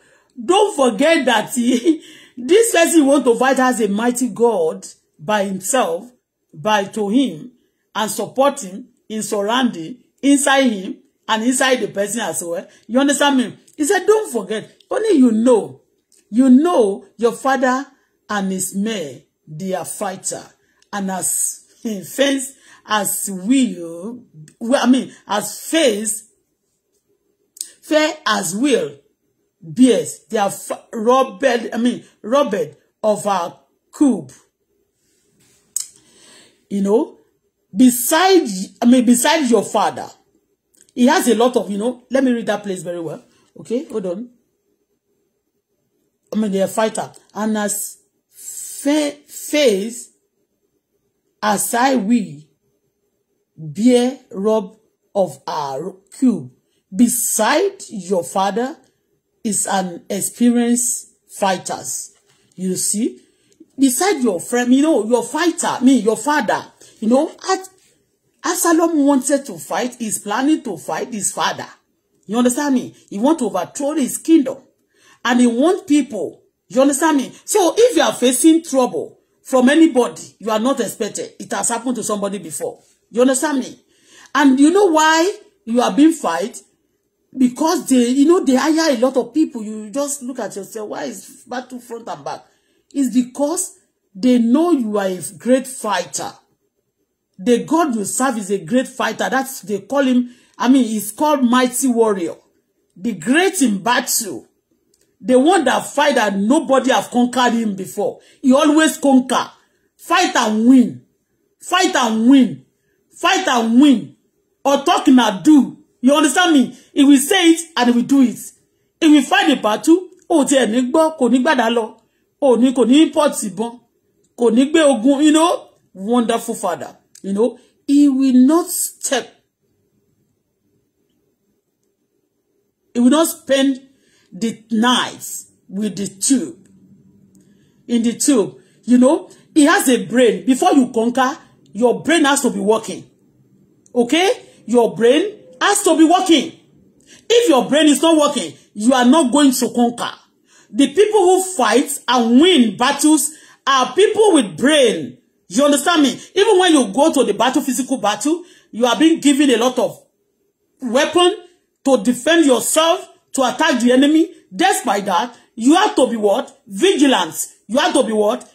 don't forget that he, <laughs> this person want to fight as a mighty God by himself by to him and support him in surrounding inside him and inside the person as well. You understand me? He said, don't forget, only you know. You know your father and his men, they are fighter. And as <laughs> face, as will, I mean, as face, fair as will, bears, they are robbed, I mean, robbed of our cube. You know, beside, I mean, beside your father, He has a lot of, you know, let me read that place very well. Okay, hold on. I mean, they're a fighter. And as fa face as I we bear rob of our cube beside your father is an experienced fighters. You see, beside your friend, you know, your fighter, me, your father, you know, at Absalom wanted to fight, he's planning to fight his father. You understand me? He wants to overthrow his kingdom. And he wants people. You understand me? So if you are facing trouble from anybody, you are not expected. It has happened to somebody before. You understand me? And you know why you are being fight? Because they, you know, they hire a lot of people. You just look at yourself. Why is battle front and back? It's because they know you are a great fighter the God you serve is a great fighter. That's they call him. I mean, he's called mighty warrior, the great in battle, the one that fight that nobody have conquered him before. He always conquer, fight and win, fight and win, fight and win, or talk na do. You understand me? He will say it and he will do it. He will fight the battle. Oh, ti ẹ̀ Konigba gbọ́, Oh, ní gbàdá lọ. O oh, ní ogun, you know, wonderful father you know, he will not step. He will not spend the nights with the tube. In the tube, you know, he has a brain. Before you conquer, your brain has to be working. Okay? Your brain has to be working. If your brain is not working, you are not going to conquer. The people who fight and win battles are people with brain You understand me? Even when you go to the battle, physical battle, you are being given a lot of weapon to defend yourself, to attack the enemy. Despite that, you have to be what? Vigilance. You have to be what?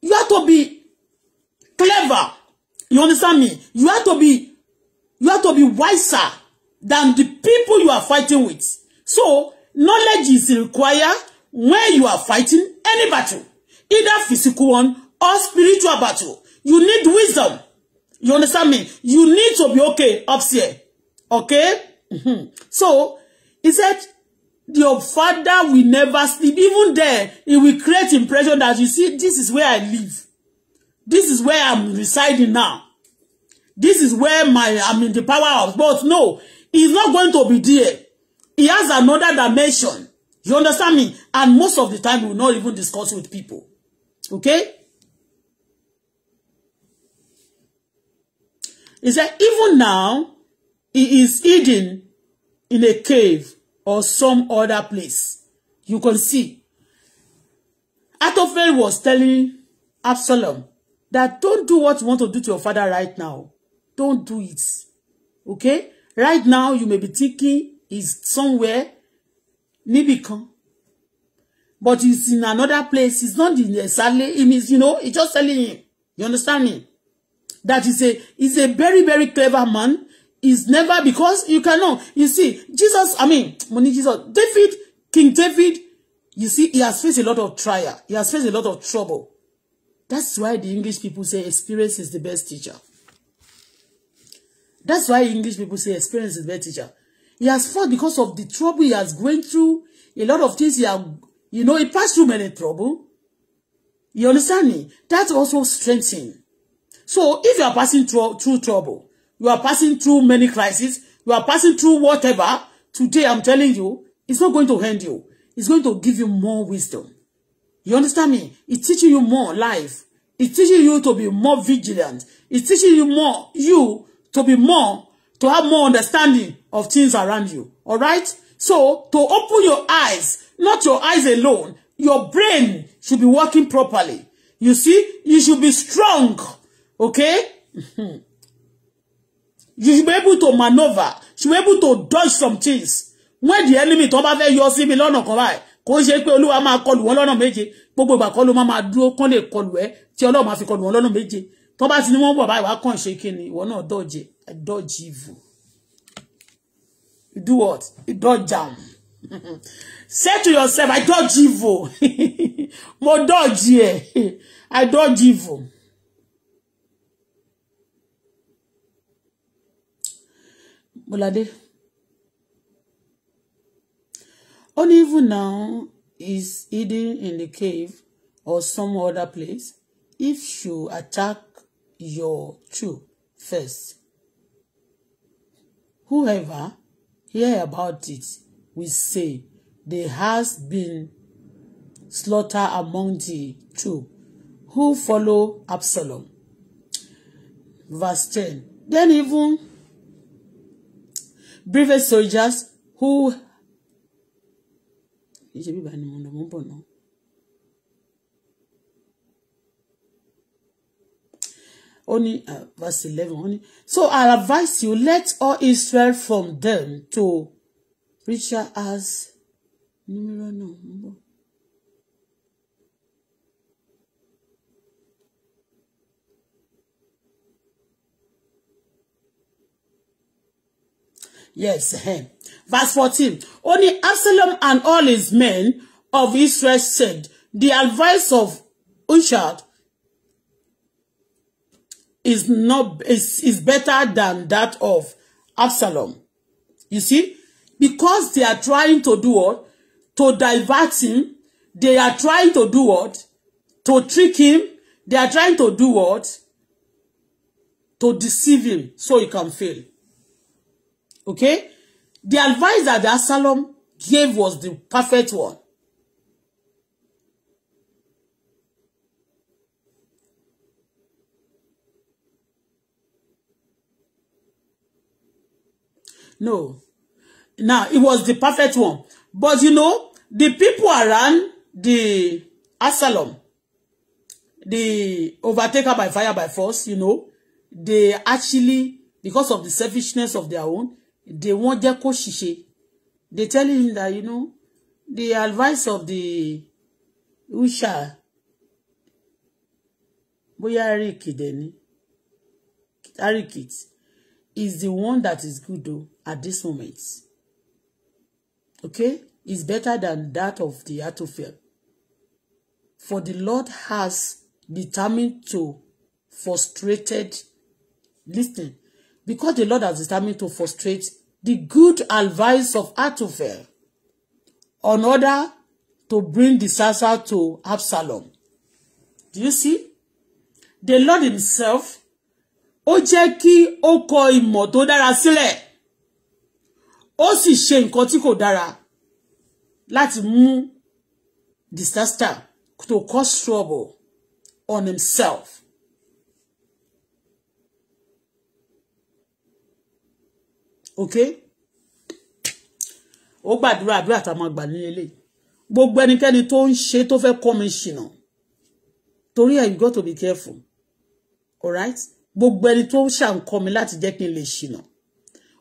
You have to be clever. You understand me? You have to be, you have to be wiser than the people you are fighting with. So, knowledge is required when you are fighting any battle either physical one or spiritual battle. You need wisdom. You understand me? You need to be okay upstairs. Okay? Mm-hmm. So, he said, your father will never sleep. Even there, He will create impression that you see, this is where I live. This is where I'm residing now. This is where my I'm in the power of. But no, he's not going to be there. He has another dimension. You understand me? And most of the time, we will not even discuss with people. Okay? He said, even now, he is hidden in a cave or some other place. You can see. Atophel was telling Absalom that don't do what you want to do to your father right now. Don't do it. Okay? Right now, you may be thinking he's somewhere, níbìkan, but he's in another place. He's not in exactly. It means you know. he's just telling him. You understand me? That is a is a very very clever man. Is never because you cannot. You see, Jesus. I mean, money. Jesus, David, King David. You see, he has faced a lot of trial. He has faced a lot of trouble. That's why the English people say experience is the best teacher. That's why English people say experience is the best teacher. He has fought because of the trouble he has going through. A lot of things he has You know, he passed through many trouble. You understand me? That also strengthening. So if you are passing through, through trouble, you are passing through many crises, you are passing through whatever, today I'm telling you, it's not going to end you. It's going to give you more wisdom. You understand me? It's teaching you more life. It's teaching you to be more vigilant. It's teaching you more, you to be more, to have more understanding of things around you. All right? So, to open your eyes Not your eyes alone. Your brain should be working properly. You see, you should be strong. Okay? <laughs> you should be able to maneuver. You should be able to dodge some things. When the enemy tó bá fẹ́ yọ sí mi lọ́nà kan kò ṣe pé Olúwa máa kọlù wọ́n lọ́nà méje. Gbogbo ìgbà kọ́ máa dúró kán lè kọlù ẹ́ tí Ọlọ́run máa fi kọlù wọ́n lọ́nà méje. Tó bá ti ní wọ́n bọ̀ báyìí wá kàn ṣe kí ìwọ náà dodge dodge do what? You Say to yourself, I dodge evil. <laughs> Mo dodge here. I dodge evil. Bolade. On evil now is hidden in the cave or some other place. If you attack your troop first, whoever hear about it we say, there has been slaughter among the troop who follow Absalom. Verse 10. Then even brave soldiers who only uh, verse 11 only so i advise you let all israel from them to Richard has nímírọ́ náà ń bọ̀. Yes, eh, verse fourteen. Only Absalom and all his men of Israel said, The advice of Ushad is not is, is better than that of Absalom. You see, because they are trying to do what? To divert him. They are trying to do what? To trick him. They are trying to do what? To deceive him so he can fail. Okay? The advice that the asylum gave was the perfect one. No. Now, it was the perfect one. But you know, the people around the asylum, the overtaker by fire by force, you know, they actually, because of the selfishness of their own, they want their koshishe. They tell him that, you know, the advice of the usha, Boya Arikideni, Arikit, is the one that is good though at this moment. Okay? It's better than that of the Atophel. For the Lord has determined to frustrated listen because the Lord has determined to frustrate the good advice of Atophel, in order to bring disaster to Absalom. Do you see? The Lord himself ó jẹ́ kí ó kọ ìmọ̀ tó dára sílẹ̀ ó sì ṣe nǹkan tí kò dára láti mú disaster to cause trouble on himself. okay ó gbàdúrà àdúrà tá a máa gbà nílé eléyìí gbogbo ẹnikẹ́ni tó ń ṣe tó fẹ́ kọ́ torí ẹ̀ you got to be careful alright gbogbo ẹni tó ṣàǹkọ́ mi láti jẹ́ kí n lè ṣìnà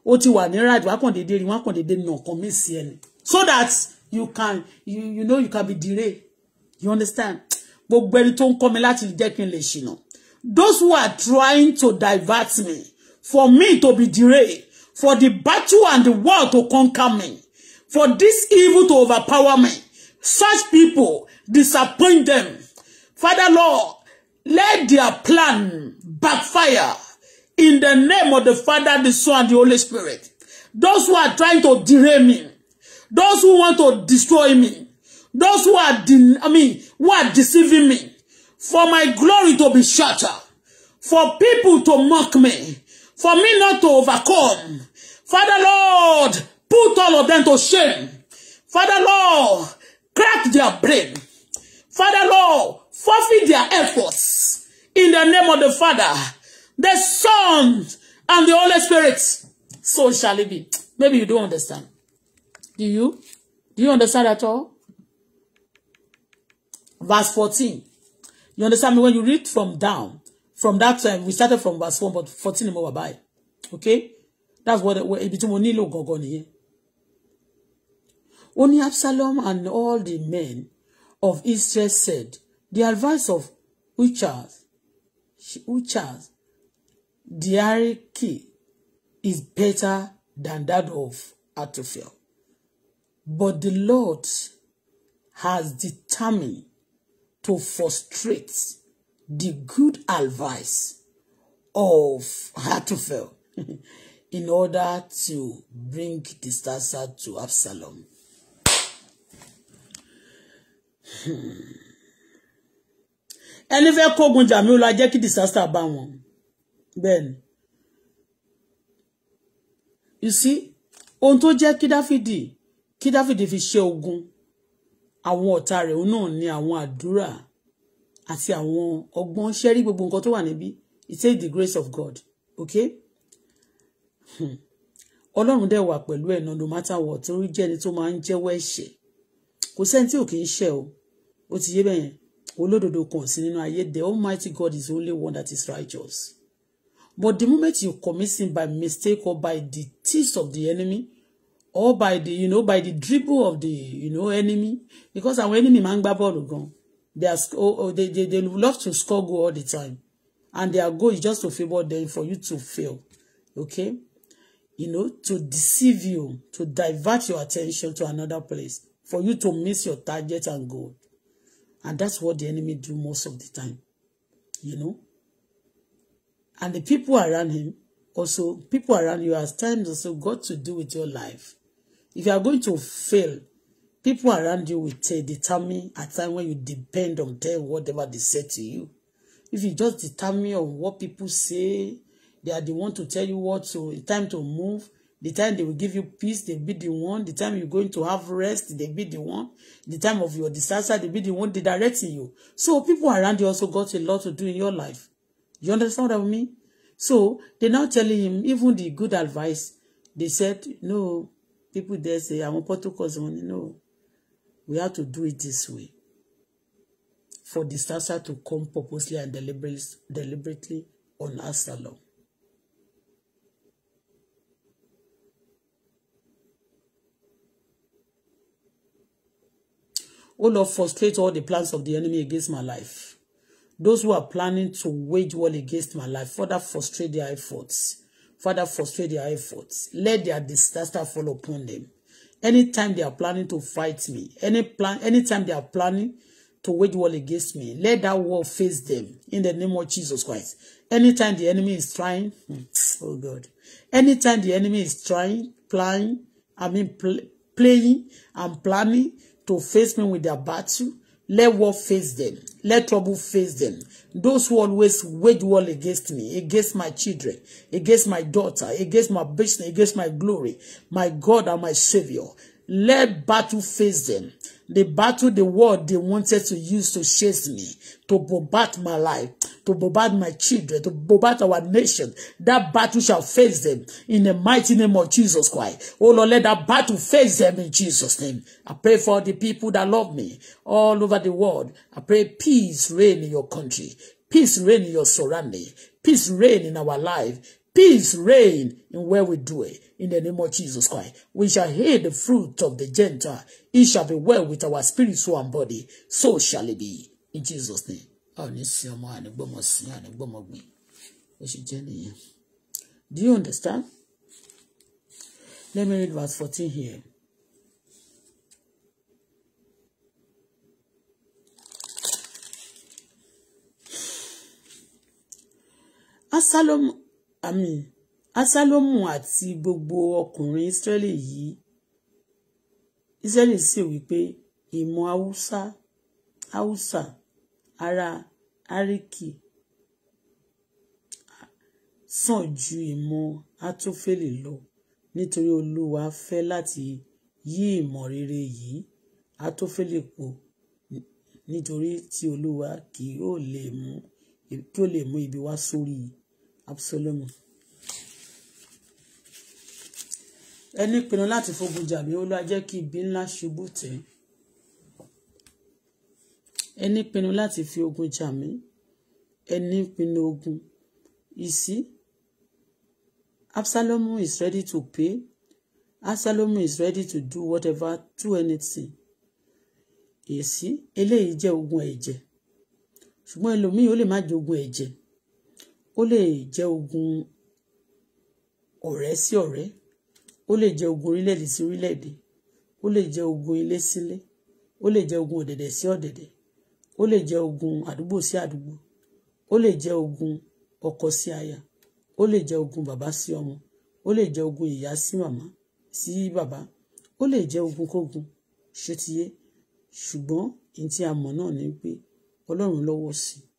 ó ti wà ní right wá kàn déédéé rí wọ́n kàn déédéé nà kàn mí sí ẹni so that you can you, you know you can be delayed you understand gbogbo ẹni tó ń kọ́ mi láti jẹ́ kí n lè ṣìnà those who are trying to divert me for me to be delayed for the battle and the war to conquer me for this evil to overpower me such people disappoint them father lord let their plan backfire in the name of the Father, the Son, and the Holy Spirit. Those who are trying to derail me, those who want to destroy me, those who are, I mean, who are deceiving me, for my glory to be shattered, for people to mock me, for me not to overcome. Father Lord, put all of them to shame. Father Lord, crack their brain. Father Lord, forfeit their efforts. In the name of the Father, the Son, and the Holy Spirit. So shall it be. Maybe you don't understand. Do you? Do you understand at all? Verse 14. You understand me? When you read from down, from that time, we started from verse 1, but 14 ni mo wà Okay? That's what ibi tí mo nílò gangan nìyẹn. Absalom and all the men of Israel said, the advice of Uchaz, Uchaz diarchy is better than that of Ahithophel. But the Lord has determined to frustrate the good advice of Ahithophel <laughs> in order to bring disaster to Absalom. Hmm. Ẹni fẹ́ kógun jà mí ó lọ jẹ́ kí disaster bá wọn bẹ́ẹ̀ ni you see ohun tó jẹ́ kí dáfídì kí dáfídì fi ṣe ogun àwọn ọ̀tá rẹ̀ òun náà ni àwọn àdúrà àti àwọn ọgbọ́n ṣẹ́rí gbogbo nǹkan tó wà níbí it take the grace of God okay hmm. ọlọ́run dẹ̀ wà pẹ̀lú ẹ̀ náà no matter what torí jẹ́ ẹni tó máa ń jẹ́wọ́ ẹ̀ṣẹ̀ kò sẹ́ni tí ò kì í ṣẹ̀ o ó ti yé bẹ́yẹn olódodo kan sí nínú ayé the almighty God is only one that is righteous. But the moment you commit sin by mistake or by the teeth of the enemy, or by the, you know, by the dribble of the, you know, enemy, because our enemy máa ń gbá they are, oh, oh, they, they, they love to score goal all the time. And their goal is just to favor them for you to fail. Okay? You know, to deceive you, to divert your attention to another place, for you to miss your target and goal. And that's what the enemy do most of the time. You know? and the people around him also people around you has times also got to do with your life if you are going to fail people around you will tell determine at time when you depend on them whatever they say to you if you just determine on what people say they are the one to tell you what to time to move the time they will give you peace they be the one the time you're going to have rest they be the one the time of your disaster they be the one they directing you so people around you also got a lot to do in your life You understand what I mean? So they not telling him even the good advice. They said no. People there say I àwọn protocols on no. We have to do it this way. For disaster to come purposely and deliberately, deliberately on us alone. O Lord, frustrate all the plans of the enemy against my life. Those who are planning to wage war against my life, Father, frustrate their efforts. Father, frustrate their efforts. Let their disaster fall upon them. Anytime they are planning to fight me, any plan, anytime they are planning to wage war against me, let that war face them in the name of Jesus Christ. Anytime the enemy is trying, hmm, oh God, anytime the enemy is trying, planning, I mean, pl playing and planning to face me with their battle, Let war face them. Let trouble face them. Those who always wage war against me, against my children, against my daughter, against my business, against my glory, my God and my Savior. Let battle face them. They battled the word they wanted to use to chase me, to bombard my life, to bombard my children, to bombard our nation. That battle shall face them in the mighty name of Jesus Christ. Oh Lord, let that battle face them in Jesus' name. I pray for the people that love me all over the world. I pray peace reign in your country. Peace reign in your surrounding. Peace reign in our life. Peace reign in where we do it. In the name of Jesus Christ, we shall hear the fruit of the Gentile. It shall be well with our spirit, soul, and body. So shall it be. In Jesus' name. Oh, do you understand? Let me read verse 14 here. Absalom àmì asálómù àti gbogbo ọkùnrin israẹli yìí israẹli sì wípé ìmọ̀ haúsá haúsá ara áríkì sàn ju ìmọ̀ atófèlè lọ nítorí olúwa fẹ́ láti yí ìmọ̀ rere yìí atófèlè po nítorí tí olúwa kì yóò lè mú ibi wá sórí yìí Absalomu ẹni pinnu láti fogun jà mí Olúwa jẹ́ kí ibi ńlá ṣubú tẹ̀ ẹni pinnu láti fi ogun jà mí ẹni pinnu ogun ìsí Absalomu is ready to pay Absalomu is ready to do whatever to anything èsì eléyìí jẹ́ ogun ẹ̀jẹ̀ ṣùgbọ́n ẹlòmíì ó lè má jẹ́ ogun ẹ̀jẹ̀ ó lè jẹ́ ogun ọ̀rẹ́ sí ọ̀rẹ́ ó lè jẹ́ ogun orílẹ̀-èdè sí orílẹ̀-èdè ó lè jẹ́ ogun ilé sílé ó lè jẹ́ ogun ọ̀dẹ̀dẹ̀ sí ọ̀dẹ̀dẹ̀ ó lè jẹ́ ogun àdúgbò sí àdúgbò ó lè jẹ́ ogun ọkọ sí aya ó lè jẹ́ ogun bàbá sí ọmọ ó lè jẹ́ ogun ìyá sí màmá sí bàbá ó lè jẹ́ ogun kógun ṣé ti yé ṣùgbọ́n ní náà ni pé ọlọ́run lọ́wọ́ sí i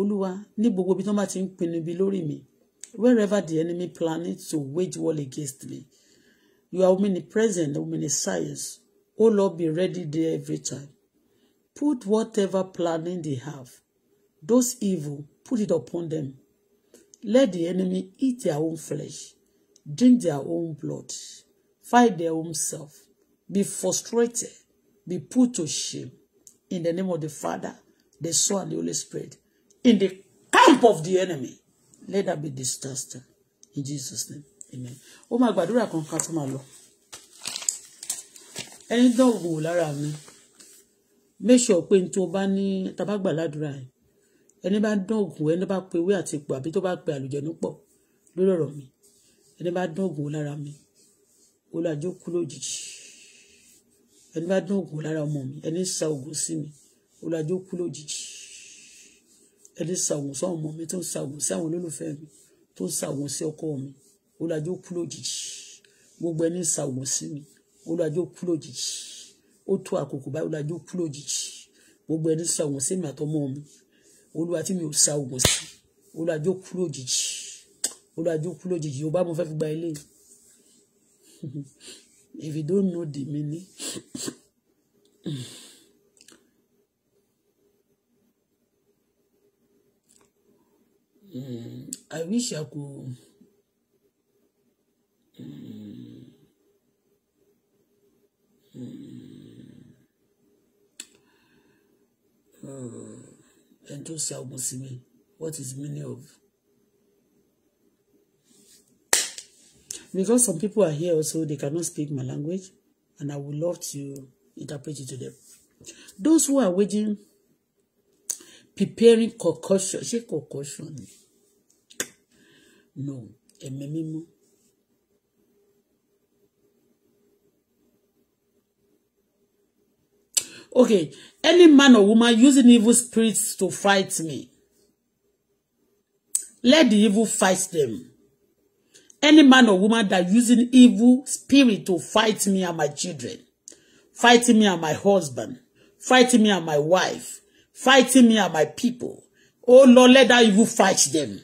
olúwa ní gbogbo ibi tí wọ́n bá ti ń pinnu ibi lórí mi wherever the enemy planning to wage war against me you are omnipresent omniscience o lord be ready there every time put whatever planning they have those evil put it upon them let the enemy eat their own flesh drink their own blood fight their own self be frustrated be put to shame in the name of the father the son and the holy spirit in the camp of the enemy. Let that be distressed. In Jesus' name. Amen. Ó máa gbàdúrà kan ká tó máa lọ. Ẹni dán wò lára mi. Make sure pé ní tó bá ní tàbá gbà ládùúrà yẹn. Ẹni bá dán ògùn ẹni bá pe ewé àti ipò àbí tó bá pe àlùjẹ̀nú pọ̀ lórí ọ̀rọ̀ mi. Ẹni bá dán ògùn lára mi. Olùjọ́ kú lójijì. Ẹni bá dán ògùn lára ọmọ mi. Ẹni sa ògùn sí mi. Olùjọ́ kú lójijì ẹni ṣàwọn sáwọn ọmọ mi tó ń ṣàwọn sí àwọn olólùfẹ́ mi tó ń ṣàwọn sí ọkọ mi olùdájọ́ kú lójijì gbogbo ẹni ṣàwọn sí mi olùdájọ́ kú lójijì ó tó àkókò báyìí olùdájọ́ kú lójijì gbogbo ẹni ṣàwọn sí mi àtọmọ mi olúwa tí mi ò ṣàwọn sí olùdájọ́ kú lójijì olùdájọ́ kú lójijì yorùbá mo fẹ́ fi gba ilé <laughs> if you don't know the meaning. Mm, I wish I could. Mm, mm, oh, and to say, Musimi, what is meaning of? Because some people are here also, they cannot speak my language, and I would love to interpret it to them. Those who are waiting, preparing concussion, Say concussion. Mm -hmm. No, ẹ̀mí mímọ́. Okay, any man or woman using evil spirits to fight me, let the evil fight them. Any man or woman that using evil spirit to fight me and my children, fighting me and my husband, fighting me and my wife, fighting me and my people. Oh Lord, let that evil fight them.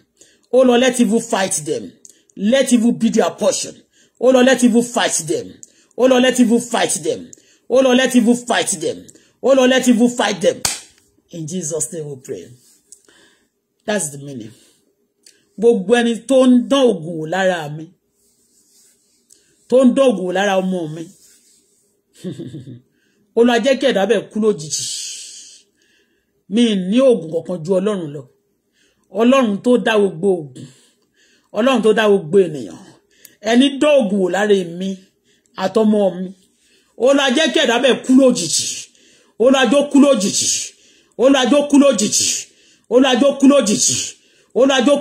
Oh Lord, let evil fight them. Let evil be their portion. Oh Lord, let evil fight them. Oh Lord, let evil fight them. Oh Lord, let evil fight them. Oh Lord, let evil fight them. In Jesus' name we pray. That's the meaning. Gbogbo ẹni tó ń dán ògùn wò lára mi. Tó ń dán ògùn wò lára ọmọ mi. <laughs> Olúwa jẹ́ kí ẹ̀dá bẹ̀ kú lójijì. Mi ní ògùn kankan ju Ọlọ́run lọ. ọlọ́run tó dá gbogbo ògùn ọlọ́run tó dá gbogbo ènìyàn ẹni dọ́ọ̀gùn wò lára emi àtọmọ mi ó lọ kú lójijì ó kú lójijì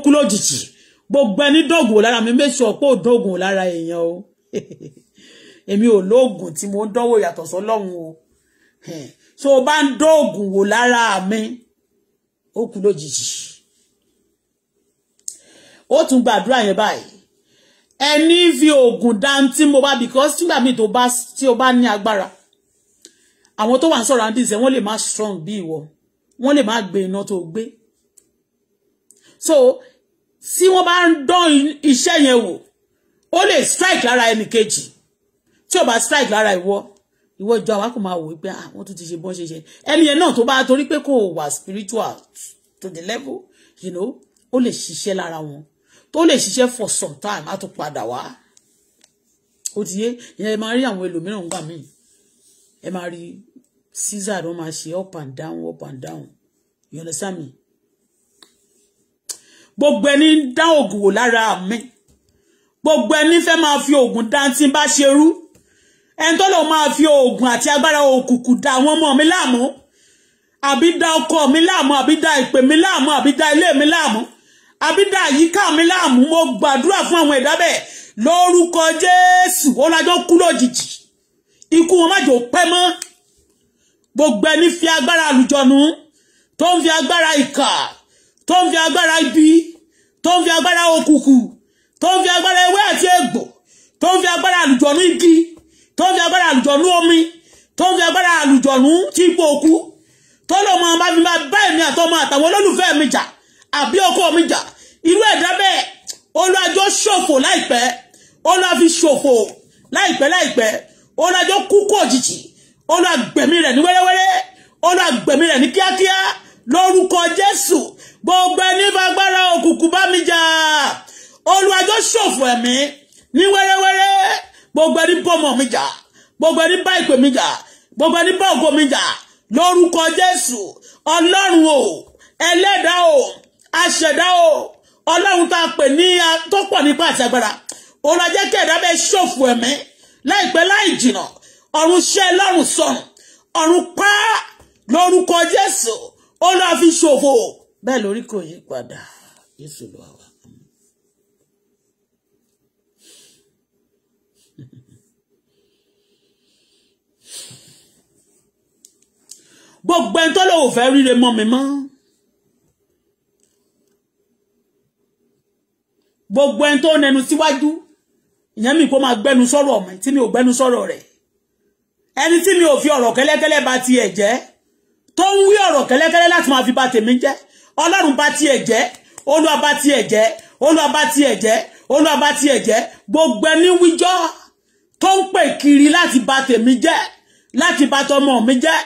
kú lójijì gbogbo ẹni dọ́ọ̀gùn wò lára mi méṣù ọ̀pọ̀ ò wò lára èèyàn o <laughs> èmi ò lóògùn tí mo ń dánwò yàtọ̀ o bá ń dọ́ọ̀gùn wò ó tún gbàdúrà yẹn báyìí ẹni fi oògùn dantí mo bá because nígbà míì tó bá tí o bá ní agbára àwọn tó wà ń sọ̀rọ̀ àǹdí ìṣẹ́ wọ́n lè má strong bí ìwọ wọ́n lè má gbé iná tó gbé so tí wọ́n bá ń dán iṣẹ́ yẹn wò ó lè strike lára ẹnì kejì tí ò bá strike lára ìwọ ìwọ ìjọ àwa kò máa wò pé àwọn ah, tó ti ṣe bọ́n ṣe ṣe ẹni yẹn náà tó bá torí pé kò wà spiritual to the level you know ó lè ṣiṣẹ́ lára wọn tó lè ṣiṣẹ́ for some time á tún padà wá ó ti yé ìyẹn ẹ máa rí àwọn ẹlòmíràn gbà míì ẹ máa rí caesar ló máa ṣe up and down up and down you understand me gbogbo ẹni ń dá òògùn wò lára mi gbogbo ẹni fẹ́ máa fi òògùn dáńtí bá ṣe rú ẹni tó lòun máa fi oògùn àti agbára òkùnkùn da àwọn ọmọ mi láàmú àbí da ọkọ mi láàmú àbí da ìpè mi láàmú àbí da ilé mi láàmú àbídà àyíká mi láàmú mo gbàdúrà fún àwọn ẹ̀dá bẹ́ẹ̀ lórúkọ jésù ó kú lójijì ikú wọn má pẹ́ mọ́ gbogbo ẹni fi agbára àlùjọ̀nù tó ń fi agbára ìkà tó ń fi agbára ibi tó ń fi agbára òkùnkùn tó ń fi agbára ewé àti egbò tó ń fi agbára àlùjọ̀nù igi tó ń fi agbára àlùjọ̀nù omi tó ń fi agbára àlùjọ̀nù tí ipò òkú tó lọ́mọ bá fi máa bá èmi àtọmọ àtàwọn olólùfẹ́ mi jà àbí ọkọ mi jà irú ẹ̀dá bẹ́ẹ̀ olùwàjọ ṣòfò láìpẹ́ olùwàfi ṣòfò láìpẹ́ láìpẹ́ olùwàjọ kú kú òjijì olùwàgbẹ̀mí rẹ̀ ní wẹ́rẹ́wẹ́rẹ́ olùwàgbẹ̀mí rẹ̀ ní kíákíá lórúkọ Jésù gbogbo ẹni fagbára òkùnkùn bá mi jà olùwàjọ ṣòfò ẹ̀mí ní wẹ́rẹ́wẹ́rẹ́ gbogbo ẹni bọ́mọ mi jà gbogbo ẹni bá ìpè mi jà gbogbo ẹni bá ògo mi jà lórúkọ Jésù Ọlọ́run o ẹlẹ́dàá o aṣẹ̀dá o ọlọ́run tá a pè ní tó pọ̀ nípa àti agbára òun la jẹ́ kí ẹ̀dá bẹ́ẹ̀ ṣòfò ẹ̀mí láìpẹ́ láì jìnà ọ̀run ṣẹ́ lọ́rùn sọ̀rùn ọ̀run pa lórúkọ jésù ó lọ́ fi ṣòfò bẹ́ẹ̀ lórí kò yí padà jésù ló gbogbo ẹni tó lòun fẹ́ ríre mọ́ mi mọ́. gbogbo ẹni tó nẹnu síwájú ìyẹn mi kó máa gbẹnu sọ̀rọ̀ mi tí mi ò gbẹnu sọ̀rọ̀ rẹ̀ ẹni tí mi ò fi ọ̀rọ̀ kẹ́lẹ́kẹ́lẹ́ ba tiẹ̀ jẹ́ tó ń wí ọ̀rọ̀ kẹ́lẹ́kẹ́lẹ́ láti máa fi ba tèmi jẹ́ ọlọ́run ba tiẹ̀ jẹ́ olúwa ba tiẹ̀ jẹ́ olúwa ba tiẹ̀ jẹ́ olúwa ba tiẹ̀ jẹ́ gbogbo ẹni wíjọ́ tó ń pè kiri láti ba tèmi jẹ́ láti ba tọmọ mi jẹ́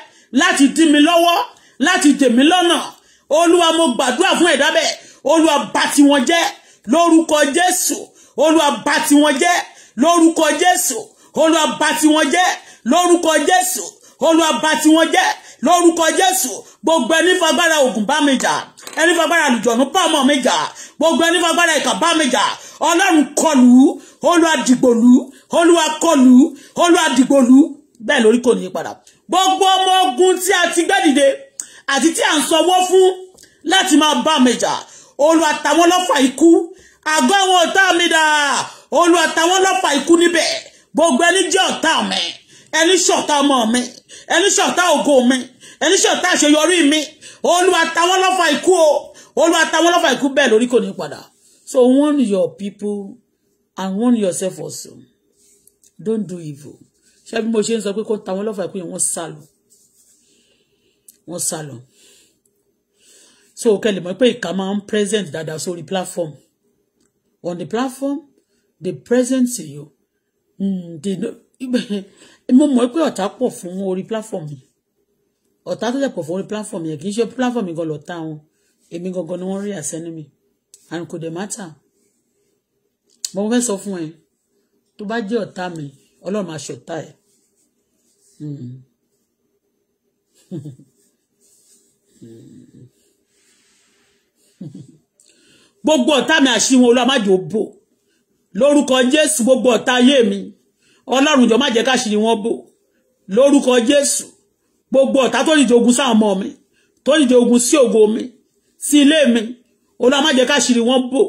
láti dí mi lọ́wọ́ láti dè mí olúwa mo gbàdúrà fún ẹ̀dá bẹ́ẹ̀ olúwa ba tiwọn jẹ́ lórúkọ jésù olúwa bà tiwọn jẹ́ lórúkọ jésù olúwa bà tiwọn jẹ́ lórúkọ jésù olúwa bà tiwọn jẹ́ lórúkọ jésù gbogbo ẹni fagbára ogun bá mi jà ẹni fagbára àlùjọ̀nù pàmò mi jà gbogbo ẹni fagbára ìkà bá mi jà ọlọ́run kọlù olúwa dìgbòlù olúwa kọlù olúwa dìgbòlù bẹ́ẹ̀ lórí kò ní padà gbogbo ọmọ ogun tí a ti gbẹ́dìde àti tí a ń sanwó fún láti máa bá mi jà Olúwa ta wọ́n lọ́fà ikú àgọ́ àwọn ọ̀tá mi dà Olúwa ta wọ́n lọ́fà ikú níbẹ̀ gbogbo ẹni jẹ́ ọ̀tá mi ẹni ṣọ̀tá ọmọ mi ẹni ṣọ̀tá ògo mi ẹni ṣọ̀tá àṣeyọrí mi Olúwa ta wọ́n lọ́fà ikú o Olúwa ta wọ́n lọ́fà ikú bẹ́ẹ̀ lórí kò ní padà so warn your people and warn yourself also don't do evil ṣé bí mo ṣe ń sọ pé kó ta wọ́n lọ́fà ikú yẹn wọ́n sálọ wọ́n sálọ so kẹlẹ̀ mọ̀ pé ìka máa ń present dáadáa sórí platform on the platform they present to e you mm, they know <laughs> mo mọ̀ pé ọ̀tá pọ̀ fún orí platform yìí ọ̀tá tó dẹ̀pọ̀ fún orí platform yẹn kì í ṣe platform gan lọ́tá wọn èmi gangan ni wọ́n rí àsẹ́nu mi and kò dẹ̀ matter mo fẹ́ sọ fún ẹ tó bá jẹ́ ọ̀tá mi ọlọ́run máa ṣọ̀tá ẹ̀ mm. mm gbogbo ọ̀tá mi àṣírí wọn olúwa má jẹ́ ó bò lórúkọ jésù gbogbo ọ̀tá ayé mi ọlọ́run jọ má jẹ́ káṣírí wọn bò lórúkọ jésù gbogbo ọ̀tá tó dìde ogun sáwọn ọmọ mi tó dìde ogun sí ògo mi sí ilé mi olúwa má jẹ́ káṣírí wọn bò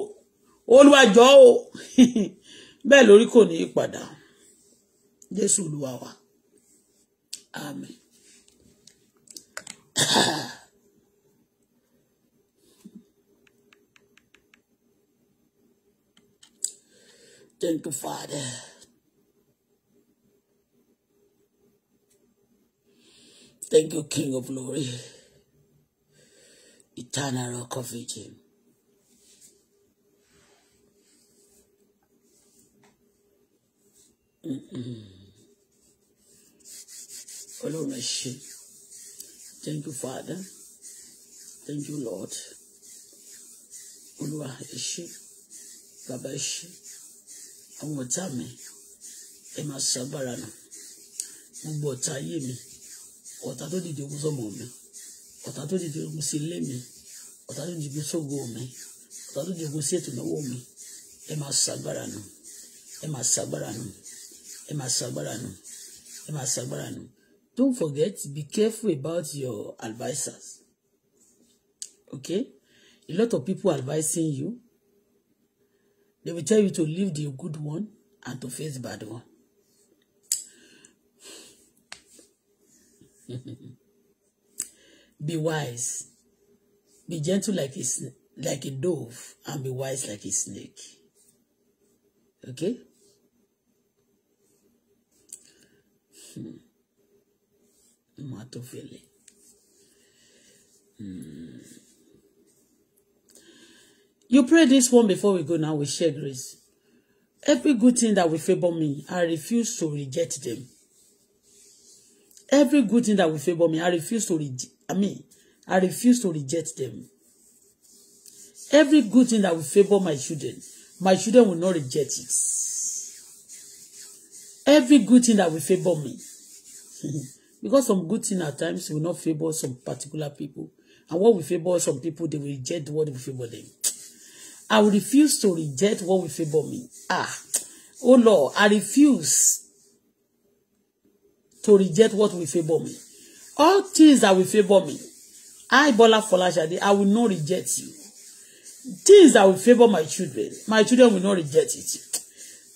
olúwa jọ̀ọ́ o <laughs> bẹ́ẹ̀ lórí kò ní í padà jésù olúwa wa àmín. <clears throat> Thank you, Father. Thank you, King of Glory. Eternal Rock of Egypt. Alone I Thank you, Father. Thank you, Lord. Olúwa ẹ Bàbá àwọn ọ̀tá mi ẹ máa ṣàgbára nù gbogbo ọ̀tá ayé mi ọ̀tá tó dìde ogun sọmọ mi ọ̀tá tó dìde ogun sí ilé mi ọ̀tá tó dìde sógo mi ọ̀tá tó dìde ogun sí ètò ìnáwó mi ẹ máa ṣàgbára nù ẹ máa ṣàgbára nù ẹ máa ṣàgbára nù ẹ máa ṣàgbára nù don't forget be careful about your advisers okay a lot of people advising you They will tell you to leave the good one and to face bad one. be wise. Be gentle like a, like a dove and be wise like a snake. Okay? Hmm. Matofele. Hmm. You pray this one before we go now. We share grace. Every good thing that will favor me, I refuse to reject them. Every good thing that will favor me, I refuse to reject. I mean, I refuse to reject them. Every good thing that will favor my children, my children will not reject it. Every good thing that will favor me. <laughs> Because some good thing at times will not favor some particular people. And what will favor some people, they will reject what will favor them. I will refuse to reject what will favor me. Ah, oh Lord, I refuse to reject what will favor me. All things that will favor me, I, Bola Folashade, I will not reject you. Things that will favor my children, my children will not reject it.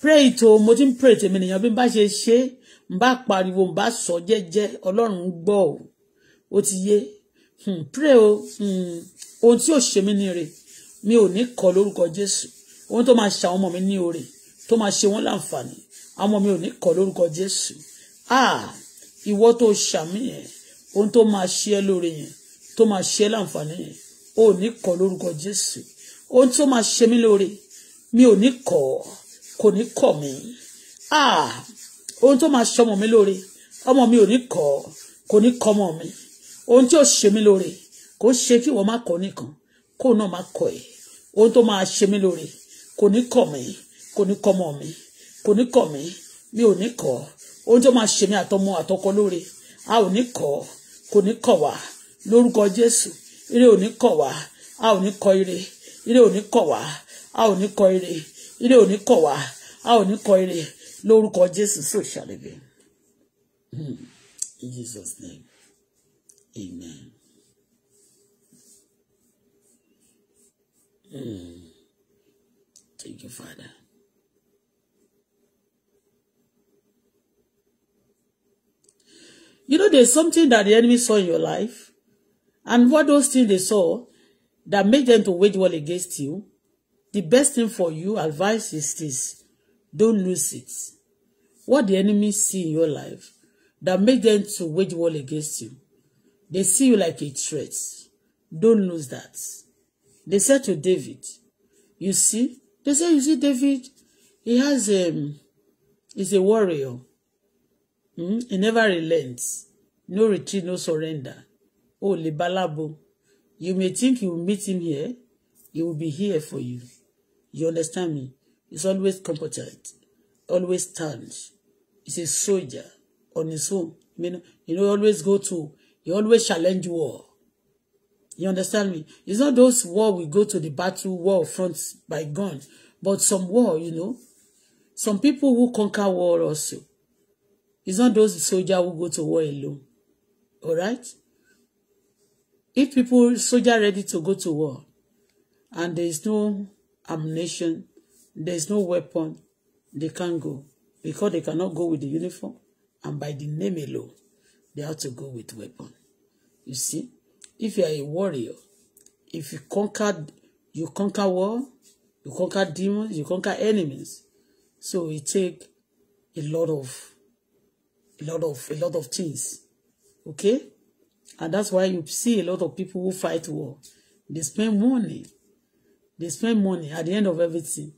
Pray to mo pray to, nìyàn bí n bá ṣe ṣe n bá pariwo n bá sọ jẹ́jẹ́ Ọlọ́run gbọ́ o hmm, pray oh, ohun tí ò ṣe mí mi ò ní kọ̀ lórúkọ Jésù ohun tó máa ṣe àwọn ọmọ mi ní oore tó máa ṣe wọ́n láǹfààní ọmọ mi ò ní kọ̀ lórúkọ Jésù ah ìwọ tó ṣàmì yẹn ohun tó máa ṣe ẹ́ lóore yẹn tó máa ṣe ẹ́ láǹfààní yẹn ò ní kọ̀ lórúkọ Jésù ohun tó máa ṣe mí lóore mi ò ní kọ̀ kò ní kọ̀ mí ah ohun tó máa ṣe ọmọ mi lóore ọmọ mi ò ní kọ̀ kò ní kọ̀ ọmọ mi ohun tí ó ṣe mí lóore kò ṣe kí wọ́n má kọ̀ nìkan kó náà má kọ̀ ẹ́ ohun tó máa ṣe mí lóore kò ní kọ̀ mí kò ní kọ̀ mọ̀ mí kò ní kọ̀ mí mi ò ní kọ̀ ohun tó máa ṣe mí àtọmọ àtọkọ lóore a ò ní kọ̀ kò ní kọ̀ wá lórúkọ Jésù ire ò ní kọ̀ wá a ò ní kọ̀ ire ire ò ní kọ̀ wá a ò ní kọ̀ ire ire ò ní kọ̀ wá a ò ní kọ̀ ire lórúkọ Jésù so shall it be hmm, in Jesus name amen. Mm. Thank you, Father. You know, there's something that the enemy saw in your life, and what those things they saw that made them to wage war against you. The best thing for you, advice is this: don't lose it. What the enemy see in your life that made them to wage war against you, they see you like a threat. Don't lose that. They said to David, you see, they said, you see, David, he has a. Um, he's a warrior. Mm? He never relents. No retreat, no surrender. Oh, Libalabo. You may think you will meet him here. He will be here for you. You understand me? He's always competent. Always stands. He's a soldier on his own. You know, he always go to, he always challenge war. You understand me? It's not those war we go to the battle war front by gun, but some war, you know. Some people who conquer war also. It's not those soldier who go to war alone. All right? If people, soldier ready to go to war, and there is no ammunition, there is no weapon, they can't go because they cannot go with the uniform and by the name alone, they have to go with weapon. You see? if you are a warrior if you conquer you conquer war you conquer demons you conquer enemies so it take a lot of a lot of a lot of things okay and that's why you see a lot of people who fight war they spend money they spend money at the end of everything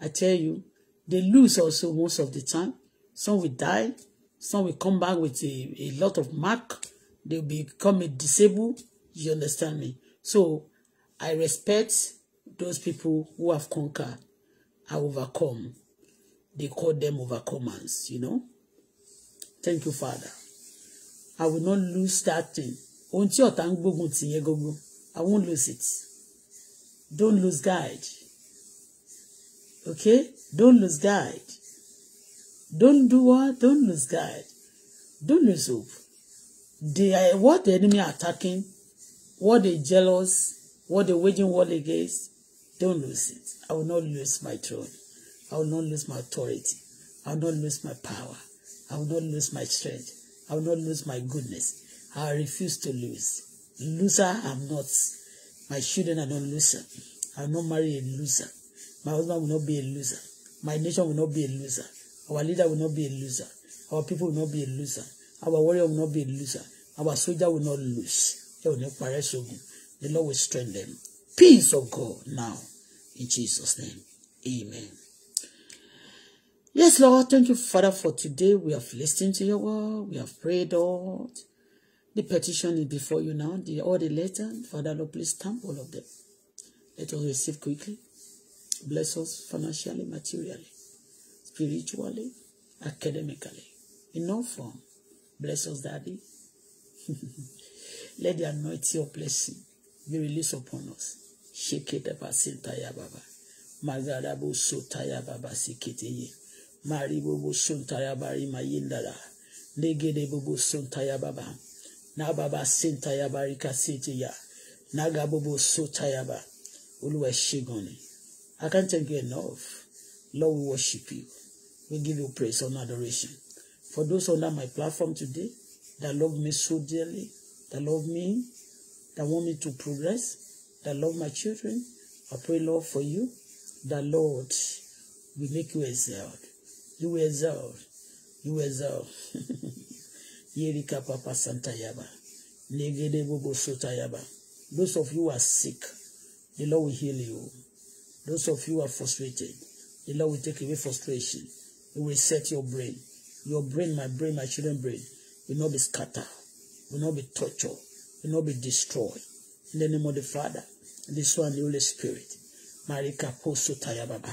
i tell you they lose also most of the time some will die some will come back with a, a lot of mark they become a disabled you understand me so i respect those people who have conquered have overcome they call them overcomers you know thank you father i will not lose that thing i won't lose it don't lose guide. okay don't lose guide. don't do what don't lose guide. don't lose hope the uh, what the enemy are attacking, what they jealous, what they waging war against, don't lose it. I will not lose my throne. I will not lose my authority. I will not lose my power. I will not lose my strength. I will not lose my goodness. I refuse to lose. Loser, I'm not. My children are not loser. I will not marry a loser. My husband will not be a loser. My nation will not be a loser. Our leader will not be a loser. Our people will not be a loser. Our warrior will not be a loser. Our soldier will not lose. They will not perish again. The Lord will strengthen them. Peace of God now. In Jesus' name. Amen. Yes, Lord, thank you, Father, for today. We have listened to your word. We have prayed, Lord. The petition is before you now. The, all the letter, Father, Lord, please stamp all of them. Let us receive quickly. Bless us financially, materially, spiritually, academically, in all form. Bless us, Daddy. <laughs> Let the anointing of blessing be released upon us. Shake it up, Sintaya Baba. Magarabo Sotaya Baba Sikiteye. Maribobo Suntaya Bari Mayindala. Negerebobo Suntaya Baba. Nababa Sintaya Barika Sitiya. Nagabobo Sotaya Baba. Uluwe Shigoni. I can't thank you enough. Lord, we worship you. We give you praise and adoration. For those under my platform today that love me so dearly, that love me, that want me to progress, that love my children, I pray, Lord, for you, that Lord will make you exalt. You will exalt. You will exalt. <laughs> Yerika Papa Santa Yaba. Negede Bobo Sota Yaba. Those of you who are sick, the Lord will heal you. Those of you who are frustrated, the Lord will take away frustration. He will set your brain. Your brain, my brain, my children's brain will not be scattered, will not be tortured, will not be destroyed. In the name of the Father, and the Son, the Holy Spirit. Marika posotaya baba.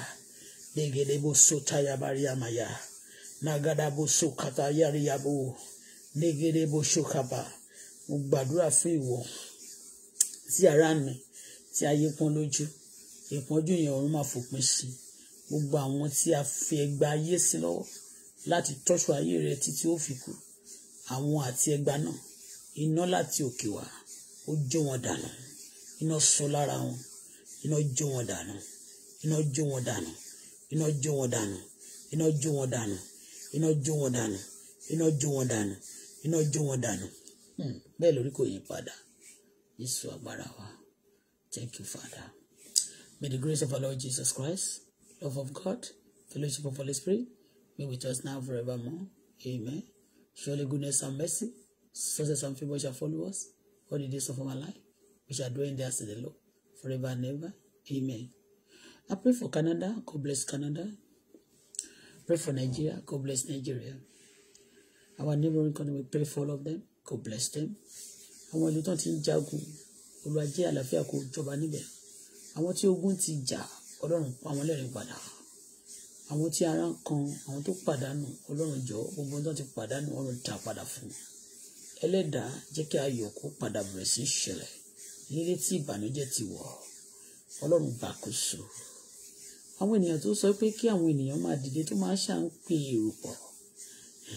Negelebo sotaya bariamaya. Nagadabo sokata yariabo. Negelebo sokaba. Mo gbàdúrà fún ìwọ. Sí ara mi tí ayé pọ́n lójú. Ìpọ́njú yẹn ọ̀run máa fòpin sí. Gbogbo àwọn tí a fi ẹgbàá ayé sí lọ́wọ́ láti tọ́ṣù ayé rẹ títí ó fi kú àwọn àti ẹgba náà iná láti òkè wá ó jó wọn dànù iná sọ lára wọn iná jó wọn dànù iná jó wọn dànù iná jó wọn dànù iná jó wọn dànù iná jó wọn dànù iná jó wọn dànù iná jó wọn dànù hmm, bẹ́ẹ̀ lórí kò yí padà Jésù agbára wa thank you Father may the grace of our Lord Jesus Christ love of God fellowship of Holy Spirit be with us now forevermore. Amen. Surely goodness and mercy, success and favor shall follow us all the days of our life. We shall dwell in the house of the Lord forever and ever. Amen. I pray for Canada. God bless Canada. Pray for Nigeria. God bless Nigeria. Our neighboring country, we pray for all of them. God bless them. Àwọn ìlú tán ti ń jagun. Olúwa jẹ́ àlàáfíà kó jọba níbẹ̀. Àwọn tí ogun ti jà, Ọlọ́run pa wọ́n lẹ́rìn padà àwọn tí ara ń kan àwọn tó pàdánù ọlọ́run jọ gbogbo tó ti pàdánù ọlọ́run ta padà fún un ẹlẹ́dàá jẹ́ kí ayọ̀ kó padà bẹ̀rẹ̀ sí ṣẹlẹ̀ nílé tí ìbànújẹ́ ti wọ̀ ọlọ́run gbàkóso àwọn ènìyàn tó sọ pé kí àwọn ènìyàn máa dìde tó máa ṣà ń pè èrò pọ̀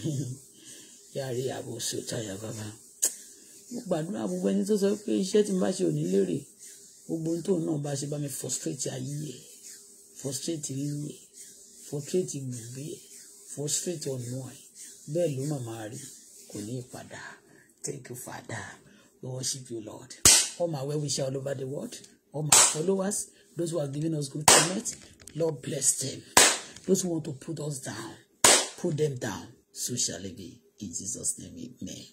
<laughs> yàrá àbò sòtáyà bàbá mo gbàdúrà gbogbo ẹni tó sọ pé iṣẹ́ tí mo bá ṣe ò ní lérè gbogbo ohun tóun náà bá ṣe bá mi frustrate ayé ẹ̀ frustrate ríru ẹ̀ fọtírètì gbègbè fọtírètì ọ̀nà ẹ̀ bẹ́ẹ̀ ló màmá rí kò ní ìpadà thank you father we worship you lord all my well wishes all over the world all my followers those who are giving us good comment lord bless them those who want to put us down put them down so shall it be in jesus name amen.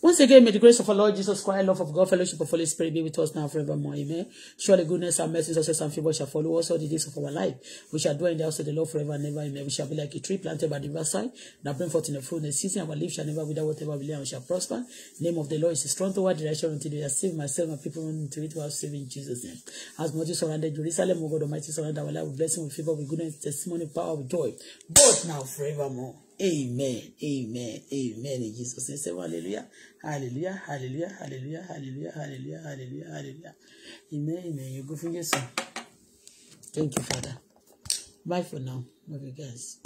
Once again, may the grace of our Lord Jesus Christ, love of God, fellowship of Holy Spirit be with us now forevermore. Amen. Surely goodness and mercy, success and favor shall follow us all the days of our life. We shall dwell in the house of the Lord forever and ever. Amen. We shall be like a tree planted by the riverside that bring forth in the fruit of the season. Our leaves shall never wither, whatever we lay and shall prosper. name of the Lord is a strong toward direction until we are saved. Myself and people running to it who are saved in Jesus' name. As much as surrounded Jerusalem, O God Almighty, surround our life with blessing, with favor, with goodness, testimony, power, with joy. Both now forevermore. Amen. Amen. Amen. In Jesus' name, say hallelujah. Hallelujah. Hallelujah. Hallelujah. Hallelujah. Hallelujah. Hallelujah. Hallelujah. Amen. Amen. You go finish your Thank you, Father. Bye for now. Love you guys.